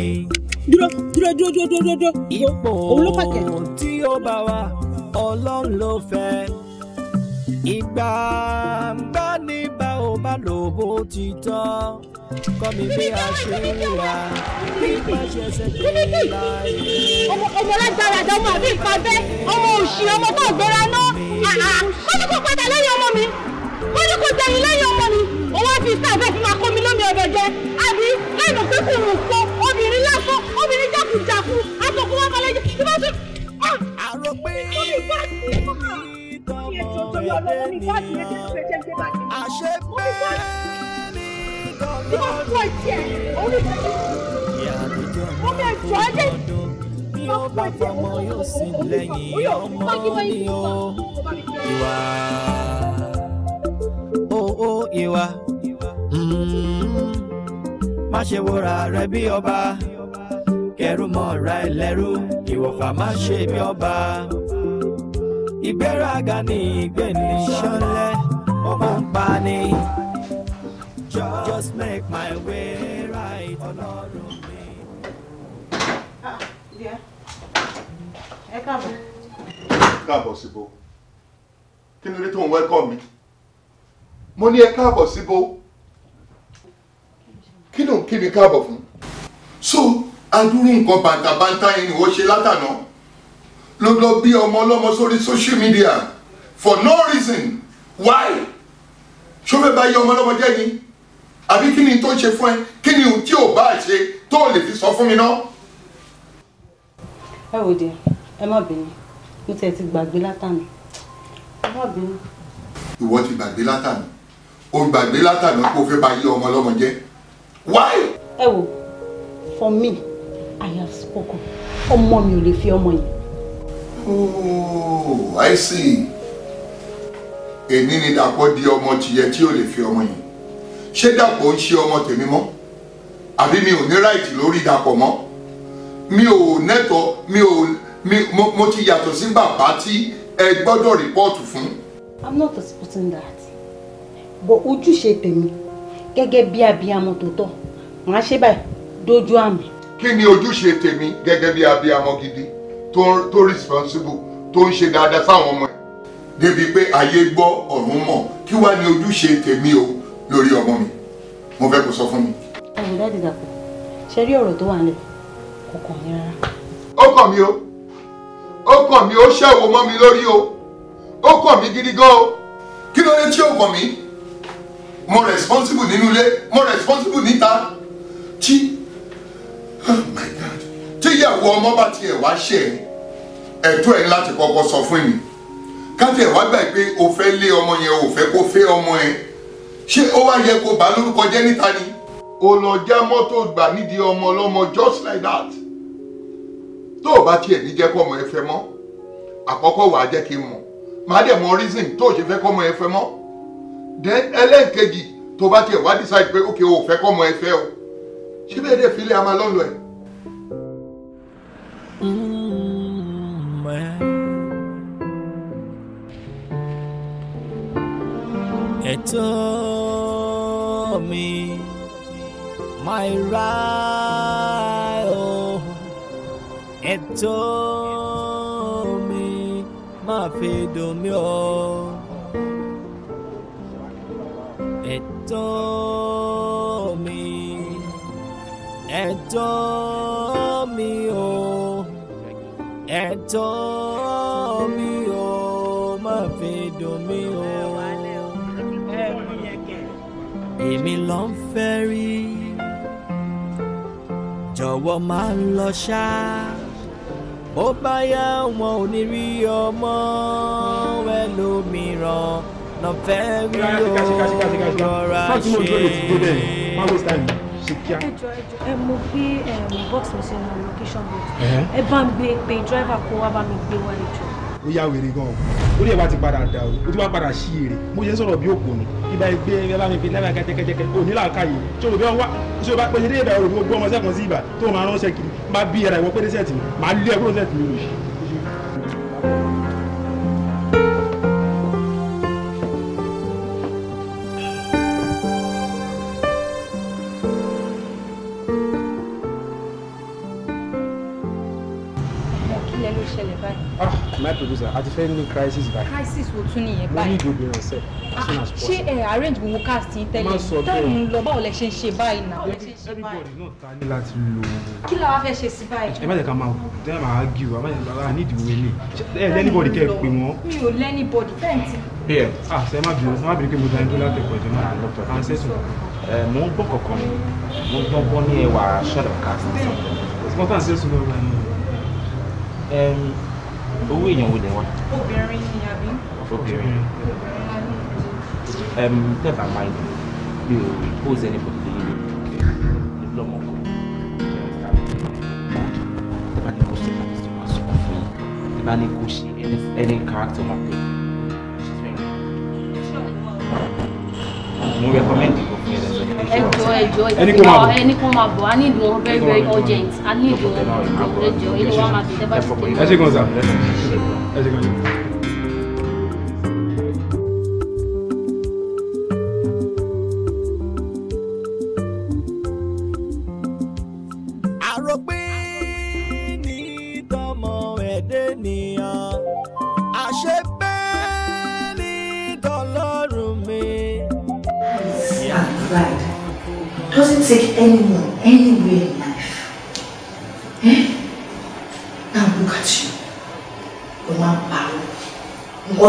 dúró dúró dúró dúró dúró dúró ipò tí ó bá wa ọlọ́run ló fẹ́. ìgbà ń gbá ní bá bá lò ti tán kọ́ mi bí a ṣe ń wà nípa ṣe ṣe tó láì. ọmọ ọmọ lágbára àdá ọmọ àbí nǹkan bẹ́ ọmọ òṣì ọmọ tó gbéra náà kó ní kó padà lẹ́yìn ọmọ mi kó ní kó tẹ̀yìn lẹ́yìn ọmọ mi òun á fi sáà bẹ́ẹ̀ fi máa kó mi lómi ọ̀dọ̀ jẹ àbí láì mọ̀ pé kò rò pọ̀ obìnrin lásán obìnrin jákujàku àtọkùn wọn balẹ̀ jẹ tí wọ́n tún. àròpé mi tọmọ rẹ mi tí wọ́n kọ ìtì ẹ̀ orí ìtẹ́jú. wọ́n fẹ́ jọ ẹ́ dé. bí ó bá bọ́mọ yóò rẹ bí ọba kẹrù mọ́ra ẹlẹ́rú ìwọ̀fà má ṣe bí ọba ìgbéraga ni ìgbéni ṣánlẹ̀ ó máa ń pa ni just make my way right on mi. Ah, ẹ káàbọ̀. káàbọ̀ síbo kí ni orí tó ń wẹ́kọ̀ mi mo ní ẹ káàbọ̀ síbo kí ló ń kí mi káàbọ̀ fún. so adúrú nǹkan bàǹtàbàǹtà yẹn ni wọ́n ṣe látànà ló lọ bí ọmọ ọlọ́mọ sórí social media for no reason why ṣó fẹ́ bá yí ọmọ ọlọ́mọ jẹ́ ni àbí kí ni tó ń ṣe fún ẹ kí ni tí ò bá ṣe tó o lè fi sọ fún mi náà. ẹ wò dé ẹ má bínú mo tiẹ̀ ti gbàgbé látàmì ẹ má bínú. ìwọ ti gbàgbé látàmì o gbàgbé látàmì kó o fẹ́ bá yí ọmọ ọlọ́mọ jẹ́ why. ẹ wò for me i have spoken ọmọ mi ò lè fi ọmọ yìí. ooo oh, i see èmi ni dàpọ̀ di ọmọ tìyẹ tí ò lè fi ọmọ yìí ṣé dàpọ̀ ń ṣe ọmọ tèmi mọ́ àbí mi ò ní ráìtì lórí dàpọ̀ mọ́ mi ò nẹ́tọ̀ mi ò mo ti yàtọ̀ sí bàbá tí ẹ gbọ́dọ̀ rìpọ́ọ̀tù fún. i'm not supporting that but ojúṣe tèmi gẹ́gẹ́ bí abiyamọ tó màá ṣe báyìí dojú àmì. kí ni ojúṣe tèmi gẹ́gẹ́ bí abiyamọ gidi tó responsible tó ń ṣe dáadáa sáwọn ọmọ ẹ̀ débi pé ayé gbọ́ ọ̀run mọ̀ kí wàá ní ojúṣe tèmi o lórí ọmọ mi mo fẹ́ kó sọ fún mi. ẹ̀wọ̀n dáàdì dàpọ̀ ṣe rí ọ̀rọ̀ tó wà nílẹ̀ kò kàn mí rárá. ó kàn mí o ó kàn mí ó ṣẹ̀wò mọ́ mi lórí o ó kàn mí gidi gan o kí ló dé tí ó kàn mí mo responsible nínú ilé mo responsible níta tí oh my god tí ìyàwó ọmọ bá tiẹ̀ wá ṣe ẹ̀tọ́ ẹ̀ láti kọ́kọ́ sọ fún mi ká tiẹ̀ wá gbà pé o fẹ́ lé ọmọ yẹn o fẹ́ kó fẹ́ ọmọ yẹn ṣé ó wá yẹ kó bà lórúkọ jẹ́ níta ni ó lọ já mọ́tò gbà nídìí ọmọ ọlọ́mọ just like that tó o bá tiẹ̀ ní jẹ́ kọ́mọ ẹ fẹ́ mọ́ àkọ́kọ́ wàá jẹ́ kí n mọ̀ màá dẹ̀ mọ reason tó o ṣe fẹ́ kọ́mọ ẹ fẹ́ mọ́ then ẹlẹ́ǹkejì tó o bá tiẹ̀ wá decide pé ok o ò fẹ́ kọ́mọ ẹ fẹ́ o ṣé bẹ́ẹ̀ dẹ̀ fi ilé ama lọ́lọ́ ẹ̀. ẹ̀tọ́. my right o oh. ẹ̀tọ́ mi má fi dùn mí o ẹ̀tọ́ mi ẹ̀tọ́ mi o ẹ̀tọ́ mi o má fi dùn mí o èmi ló ń fẹ́ rí lọ́wọ́ máa ń lọ ṣá ó bá yá wọn ò ní rí ọmọ ẹlòmíràn lọ fẹ́ rí o ṣe. ẹ mo gbé box mi sínú location box ẹ bá ń gbé pé driver kó wá bá mi gbé wá ìjọ ó yá wèrè gan-an ó lè wá ti padà dà o ó ti wá padà sí èrè mo ṣe ń sọ̀rọ̀ bí òkò ni ibà gbé ẹgbẹ́ mi fi lẹ́bàá kẹ́tẹ́kẹ́tẹ́kẹ́ ò ní làákàyè tí o bí wọ́n wá tí o bá pèsè dé ìbà òròmí o gbọ́ ọmọ sẹ́kùn sí ìbà tó o máa ránṣẹ́ kiri máa bí ẹ̀rà ìwọ́n pé dé sẹ́ẹ̀tì máa lé ẹgbẹ́ possible sir àti fẹ́ ní crisis báyìí. crisis wo tún nìyẹn báyìí. mo ní ìdòbí ràn sẹ́ as ah, soon as possible. ṣé ẹ arrange gbogbo cast yìí tẹ́lẹ̀ táìmù ń lọ báwo lẹ ṣe ń ṣe báyìí náà. everybody náà ta ní láti lo. kí la wá fẹ́ ṣe sí báyìí. ẹ má jẹ́ ká máa tẹ́ máa argue àmọ́ ìyẹn bàbá ní ìdìbò ilé ẹ lẹ́nìbọ̀dì kẹ́ ẹ pè wọ́n. mi ò lẹ́nìbọ̀dì tẹ́ǹtì. bẹ́ẹ̀ ah ṣe má bìrì má bìrì pé mo dání tó látẹ̀kọ̀ ẹ̀jẹ̀ má owó èèyàn wo lẹ wá. obìnrin ni àbí. obìnrin ni. tẹ́bà máa ń mi ò rí pose anybody. bọ̀ lórí mi lọ́mọ ṣe láti ṣe wá sọ fún mo recommend it fún yẹn lẹ́sẹ̀. ẹjọ ẹjọ ẹni kan máa bọ̀ i need one very very urgent i need one ẹjọ ilé wa máa bẹ̀rẹ̀ bá ti tẹ̀. ẹ ṣe gan sa ẹ ṣe gan sa.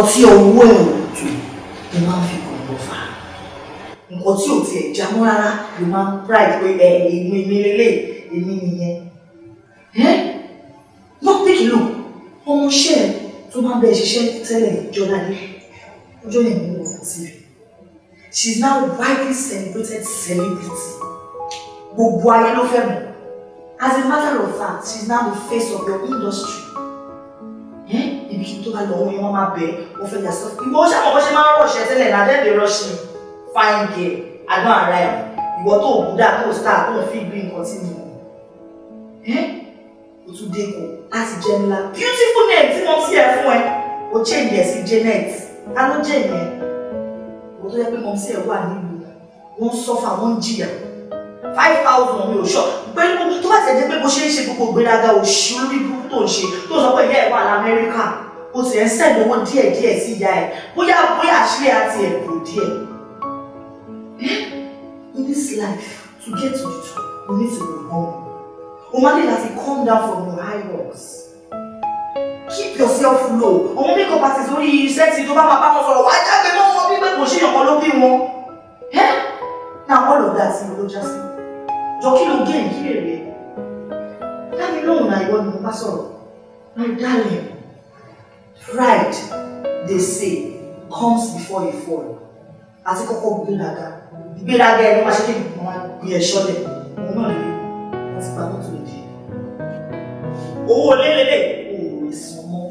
nǹkan tí ọwọ́ ẹ̀ ò tó ló máa ń fi gbọ̀ngbọ̀ fà á nǹkan tí ò tiẹ̀ já mọ́ rárá ló máa ń pride pé ẹ èmi èmi lélẹ̀ èmi nìyẹn ẹ́ wọ́n pè kí lò ọmọọṣẹ́ tó máa bẹ ṣiṣẹ́ tẹ́lẹ̀ ìjọba ní ọjọ́ yẹn ló wọ̀ sí rẹ̀ she is now widely celebrated celebrity gbogbo ayé ló fẹ́ mọ̀ as a matter of fact she is now the face of your industry ibi tó bá lọ wọn máa bẹ ó fẹ́ yà sọ ìwọ ó ṣàmọ̀ bó ṣe máa ń rọ̀ṣẹ̀ tẹ́lẹ̀ náà dẹ́gbẹ̀ẹ́ rọ̀ṣẹ̀ fine girl adán ara ẹ̀ ìwọ tó ògúdà tó star tó fi gbé nǹkan tí mo ó tún dé kù láti jẹ ńlá beautiful name tí mo ti ẹ̀ fún ẹ ó change ẹ̀ sí Janet ta ló jẹ́ ìyẹn ìwọ tó yẹ pé mo ti ẹ̀ wà nílùú wọ́n sọ́fà wọ́n jìyà five thousand mi ò sọ pẹ̀lú gbogbo tó bá ti jẹ́ pé bó ṣe ń ṣe gbogbo ìgbéraga òṣì olórí burúkú tó ń ṣe tó sọ pé ìyá ẹ̀ wà lamẹ́ríkà o sì ń sẹ̀dọ̀wọ́ díẹ̀díẹ̀ sí ìyá ẹ̀ bóyá bóyá àṣírí àti ẹ̀bùn díẹ̀. Eh, in this life to get to the top you need to be humble o máa ní láti come down from your high rocks keep yourself low àwọn makeup artist orí iṣẹ́ ti tó bá bàbá wọn sọ̀rọ̀ wá jáde mọ́ wọn bí pé kò ṣe ìyọ̀kan ló bí wọn. na all of that ló já sí jọ kí ló gé ìkírè rẹ dáni lóhùn náà ìwọ ni mo bá sọ̀rọ̀ my darling Pride, they say, comes before a fall. Àti kọ́kọ́ gbéraga. Gbéraga ẹni máa ṣe kí nǹkan máa gbé ẹ̀ṣọ́ lẹ̀. Òun náà lè láti pa mọ́tò èdè. Owó lélẹ̀lẹ̀ ò lè san mọ́.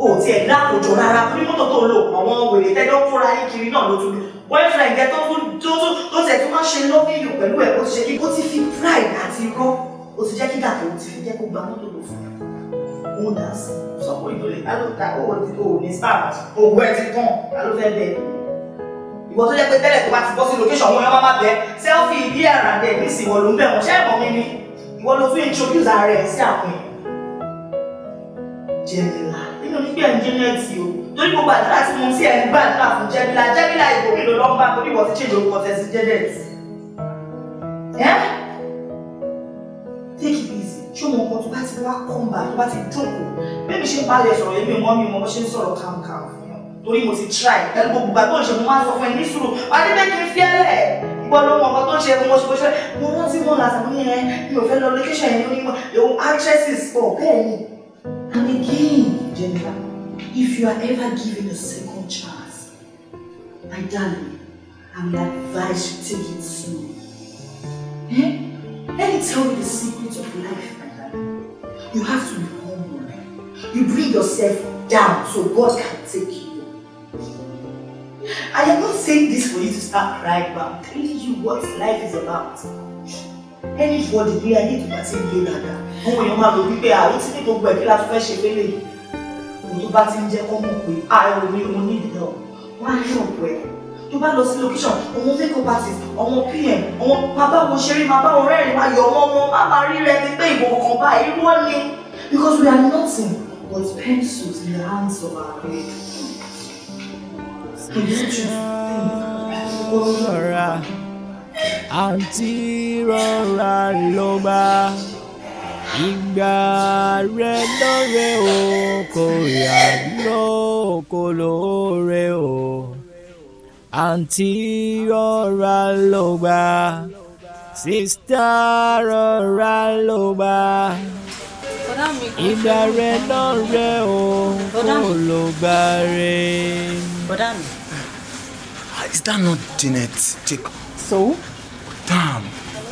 O ò tiẹ̀ dákòjọ rárá torí mọ́tò tó ń lò àwọn wèrè tẹ́jọ́ fúnra yín kiri náà ló tún lò. Boyfriend ẹ tó tún tó tẹ̀ tó máa ṣe lọ́bìnrin pẹ̀lú ẹ̀ ó ti ṣe kí ó ti fi pride àti irọ́ ó ti jẹ́ kí gàtò ó ti fi jẹ́ kó gba mọ́tò lò fún owó náà sí sọ́kò ìtòlè ta ló ta owó ti owó ní stars owó ẹ ti tán ta ló fẹ́ bẹ́ẹ̀ ìwọ tó jẹ́ pé tẹ́lẹ̀ tó bá ti bọ́ sí location wọn máa máa bẹ sẹ́lfì bí ara dẹ̀ nísìnyí wọ́n ló ń bẹ̀ wọ́n ṣẹ́ ẹ̀kọ́ mi ni ìwọ ló tún introduce ara sí àpín jẹ́nìlá nínú nígbà ìjẹ́nẹ́tì o torí gbogbo àdúrà tí mo ti ẹ̀ ń gbàdúrà fún jẹ́nìlá jẹ́nìlá ìbò mi ló lọ́gbà torí wọ́n ti ṣèjọ orúkọ tẹ̀sí jẹ́nẹ́tì. Take ṣó mọ nǹkan tó bá ti wá kọ́ńbà tó bá ti jókòó bẹ́ẹ̀ ṣe balẹ̀ sọ̀rọ̀ èmi mọ́ mi mọ́ bó ṣe ń sọ̀rọ̀ kàǹkàǹ torí mo ti try pẹ̀lú gbogbo ìgbà tó ń ṣe mo máa ń sọ fún ẹ ní sùúrù wà á dé bẹ́ẹ̀ kí n fẹ́lẹ̀ ìwọ ló mọ tó ń ṣe mo ṣe bóṣe mo rán sí wọn làtàkùn ní mi ò fẹ́ lọ location yẹn ní ìwọ actresses pọ̀ bẹ́ẹ̀ and again Jennifer if you are ever given a second chance my darling I will advise you take it slow eh? let me tell you the secret of life You have to be humble. You bring yourself down so God can take you. I am not saying this for you to start crying, but I'm telling you what life is about. Any for the tó I need to lé dada, òun èèyàn máa your mother be tí ní gbogbo ẹ̀kí láti fẹ́ ṣe fẹ́lẹ̀ yìí. Òun tó bá ti ń jẹ́ kó mọ̀ pé, "I will be only the help." Wọ́n á where tó bá lọ sí location òun fake parties ọmọ pm ọmọ máa bá wọn ṣeré máa bá wọn rẹ́rìn máa yọ ọmọ wọn má máa rí rẹ pé ìwọ kọ̀ọ̀kan bá irú wọn ni because we are nothing but pencils in the hands of our greed. Rọra àǹtí rọra ló gbà ìgbà rẹ lóore o kò yà lóko lóore o àǹtí rọra ló gbà sísítà rọra ló gbà ìgbà rẹ náà rẹ o kò ló gbà rẹ. Ah, is that not Janet Jacob. so. damn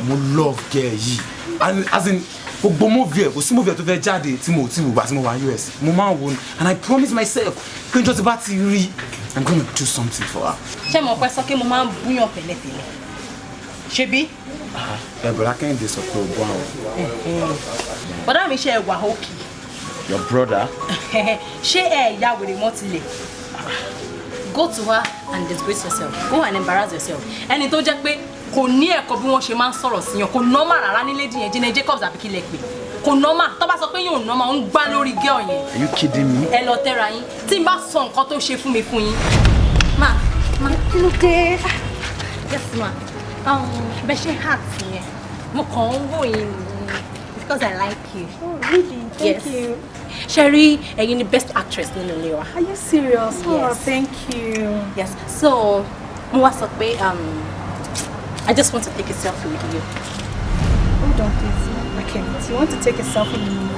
mo love girl yìí and as in gbogbo movie ẹ kò sí movie ẹ tó fẹ́ jáde tí mo ti wò gbà tí mo wà US mo máa ń wo ni and I promise myself pé njọ́ ti bá ti rí I'm gonna do something for her. ṣé mo pẹ́ sọ pé mo máa ń búyàn pẹ̀lẹ́pẹ̀lẹ́ ṣebí. ẹ bọ̀dá kẹ́hìndé sọ pé o bọ́ àwọn. bọ́dá mi ṣe ẹ òkè. your brother. ṣé ẹ ìyá wèrè mọ́ tilẹ̀ go to her and disgrace yourself go and embarrass yourself ẹni tó jẹ́ pé kò ní ẹ̀kọ́ bí wọ́n ṣe máa ń sọ̀rọ̀ sí yàn kò nọ́mà rárá ní lady yẹn Jacobs àbí kí lẹ pè kò nọ́mà tó bá sọ pé yóò nọ́mà ń gbá lórí gẹ́ ọ̀yẹn. are you kidding me. ẹ lọ tẹ́ra yín tí n bá sọ nǹkan tó ṣe fún mi fún yín. ma ma kí ló dé yes ma um, bẹ ṣe heart yẹn mo kàn ń wò yín because I like you. oh really thank yes. you. Sherry, uh, you're the best actress in the Lewa. Are you serious? Oh, yes. Oh, thank you. Yes. So, mo wá sọ pé um I just want to take a selfie with you. Oh don't, please. Makemi, you want to take a selfie with me?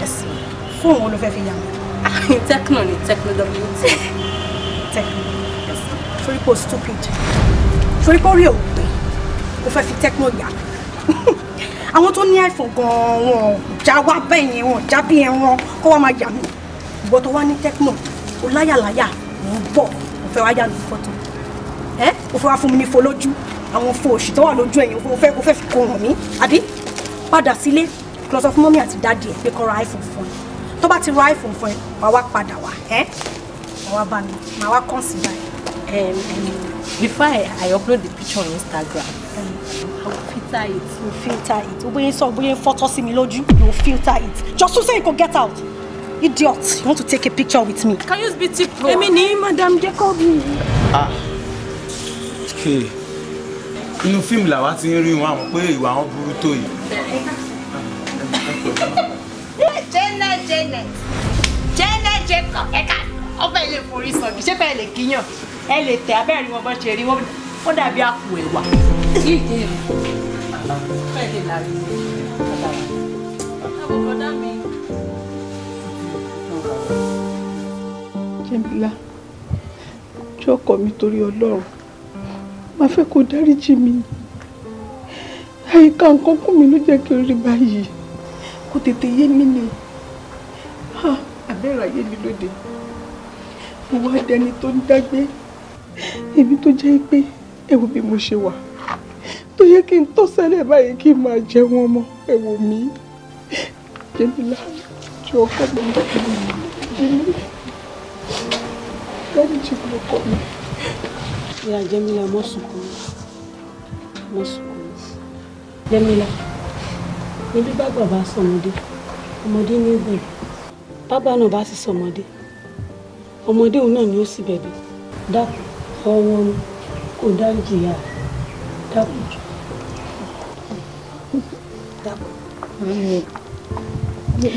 Yes. Phone all over here. Techno, Techno WT. Techno. Yes. Triple stupid. Triple real. Ó fẹ́ fi Techno yà. Àwọn tó ní iPhone gan-an wọn já wá bẹ́ẹ̀ yẹn wọn já bí yẹn wọn kó wá máa yà Techno, ó láyàláyà, mò ń bọ̀, ó fẹ́ wá yà mí fọ́tò. Ẹ́ ó fẹ́ wá fún àwọn fo òṣì tó wà lójú ẹ̀yìn o fẹ́ o fi kó mí àbí padà sílé lọ sọ fún mọ́mí àti dáàdì ẹ̀ pé kó iphone fún ẹ tó bá ti ra iphone fún ẹ wàá wá padà wá ẹ wàá wá bá mi màá wá kàn sí báyìí. before I, I upload the picture on Instagram um, I will filter it. you filter it o bóyá sọ bóyá fọ́tọ́ sí mi lójú you filter it just so say you go get out idiot you want to take a picture with me. can you use beauty pro. èmi ni madam Jacob. ah okay inú fíìmù làwa ti ń rí wọn àwọn pé ìwà wọn burú tó yìí. Janet Janet Janet Jacob ẹ̀ka ọba ilé forí sọ mi ṣé bẹ́ẹ̀ lè kíyàn ẹ lè tẹ abẹ́rẹ́ wọn bọ́ ṣe rí wọn dàbí àpò ẹ̀wà. bẹ́ẹ̀ jọ́kọ̀ mi torí Ọlọ́run máa fẹ́ kó dáríjì mi àyíká nǹkan kún mi ló jẹ́ kí n rí báyìí kò tètè yé mi ni àbẹ́rẹ́ ayé mi lóde mo wá dẹni tó ń dágbé èmi tó jẹ́ pé ẹ wo bí mo ṣe wà tó yẹ kí n tó ṣẹlẹ̀ báyìí kí n máa jẹ wọn mọ́ ẹ wò mí jẹ́mílá ju ọkọ mi jẹ́mi dáríjì mi ọkọ mi ìyá Jẹ́mílà mọ́ sùkúrú mọ́ sùkúrú Jẹ́mílà níbi bàbá bá sọmọdé ọmọdé ní ìbẹ̀rù bàbá náà bá sì sọmọdé ọmọdé òun náà ni ó sì bẹ̀bẹ̀ dákun ọwọ́ kò dáríjì ìyá rẹ̀ dákun jù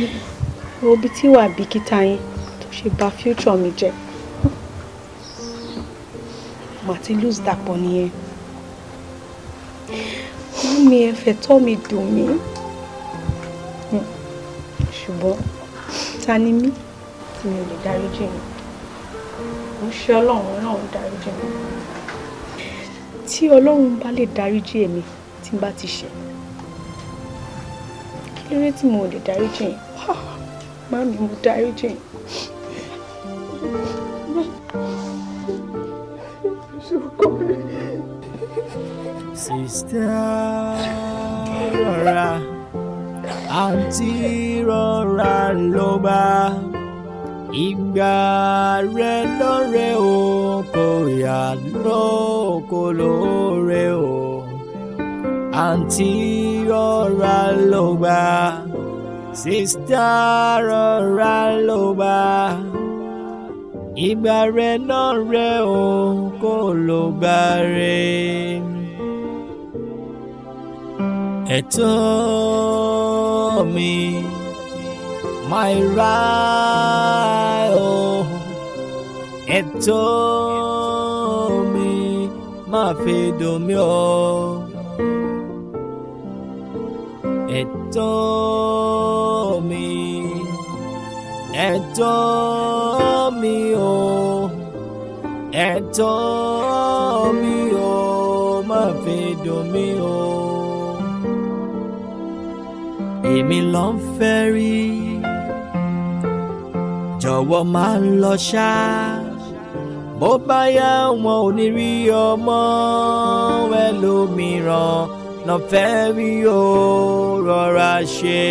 wo bí tí wàá bìkítà yín tó ṣe bà future mi jẹ́ mà ti lose dàpọ̀ nìyẹn wọ́n mi ẹ̀fẹ̀ tọ́ mi dùn mí ṣùgbọ́n ta ni mí tí mi ò lè dáríjì mi mo ṣe ọlọ́run ọlọ́run dáríjì mi tí ọlọ́run bá lè dáríjì èmi tí n bá ti ṣẹ̀ kí ló dé tí mo ò lè dáríjì yín má mi mo dáríjì yín. Sister Rora, Auntie Rora ló bá. Ìgbà rẹ lọ́rẹ́ o, kò yà lóko lóore o. Auntie Rora ló bá. Sister Rora ló bá ìgbà rẹ̀ náà rẹ̀ o kò ló bá rẹ̀ ẹ̀tọ́ mi my right oh ẹ̀tọ́ mi máa fi dùn mí o ẹ̀tọ́ mi ẹ̀tọ́ mi o ẹ̀tọ́ mi. èmi lọ ń fẹ́ rí jọ̀wọ́ máa ń lọ ṣá bó bá yá wọn ò ní rí ọmọ ẹlòmíràn lọ rí o rọra ṣe.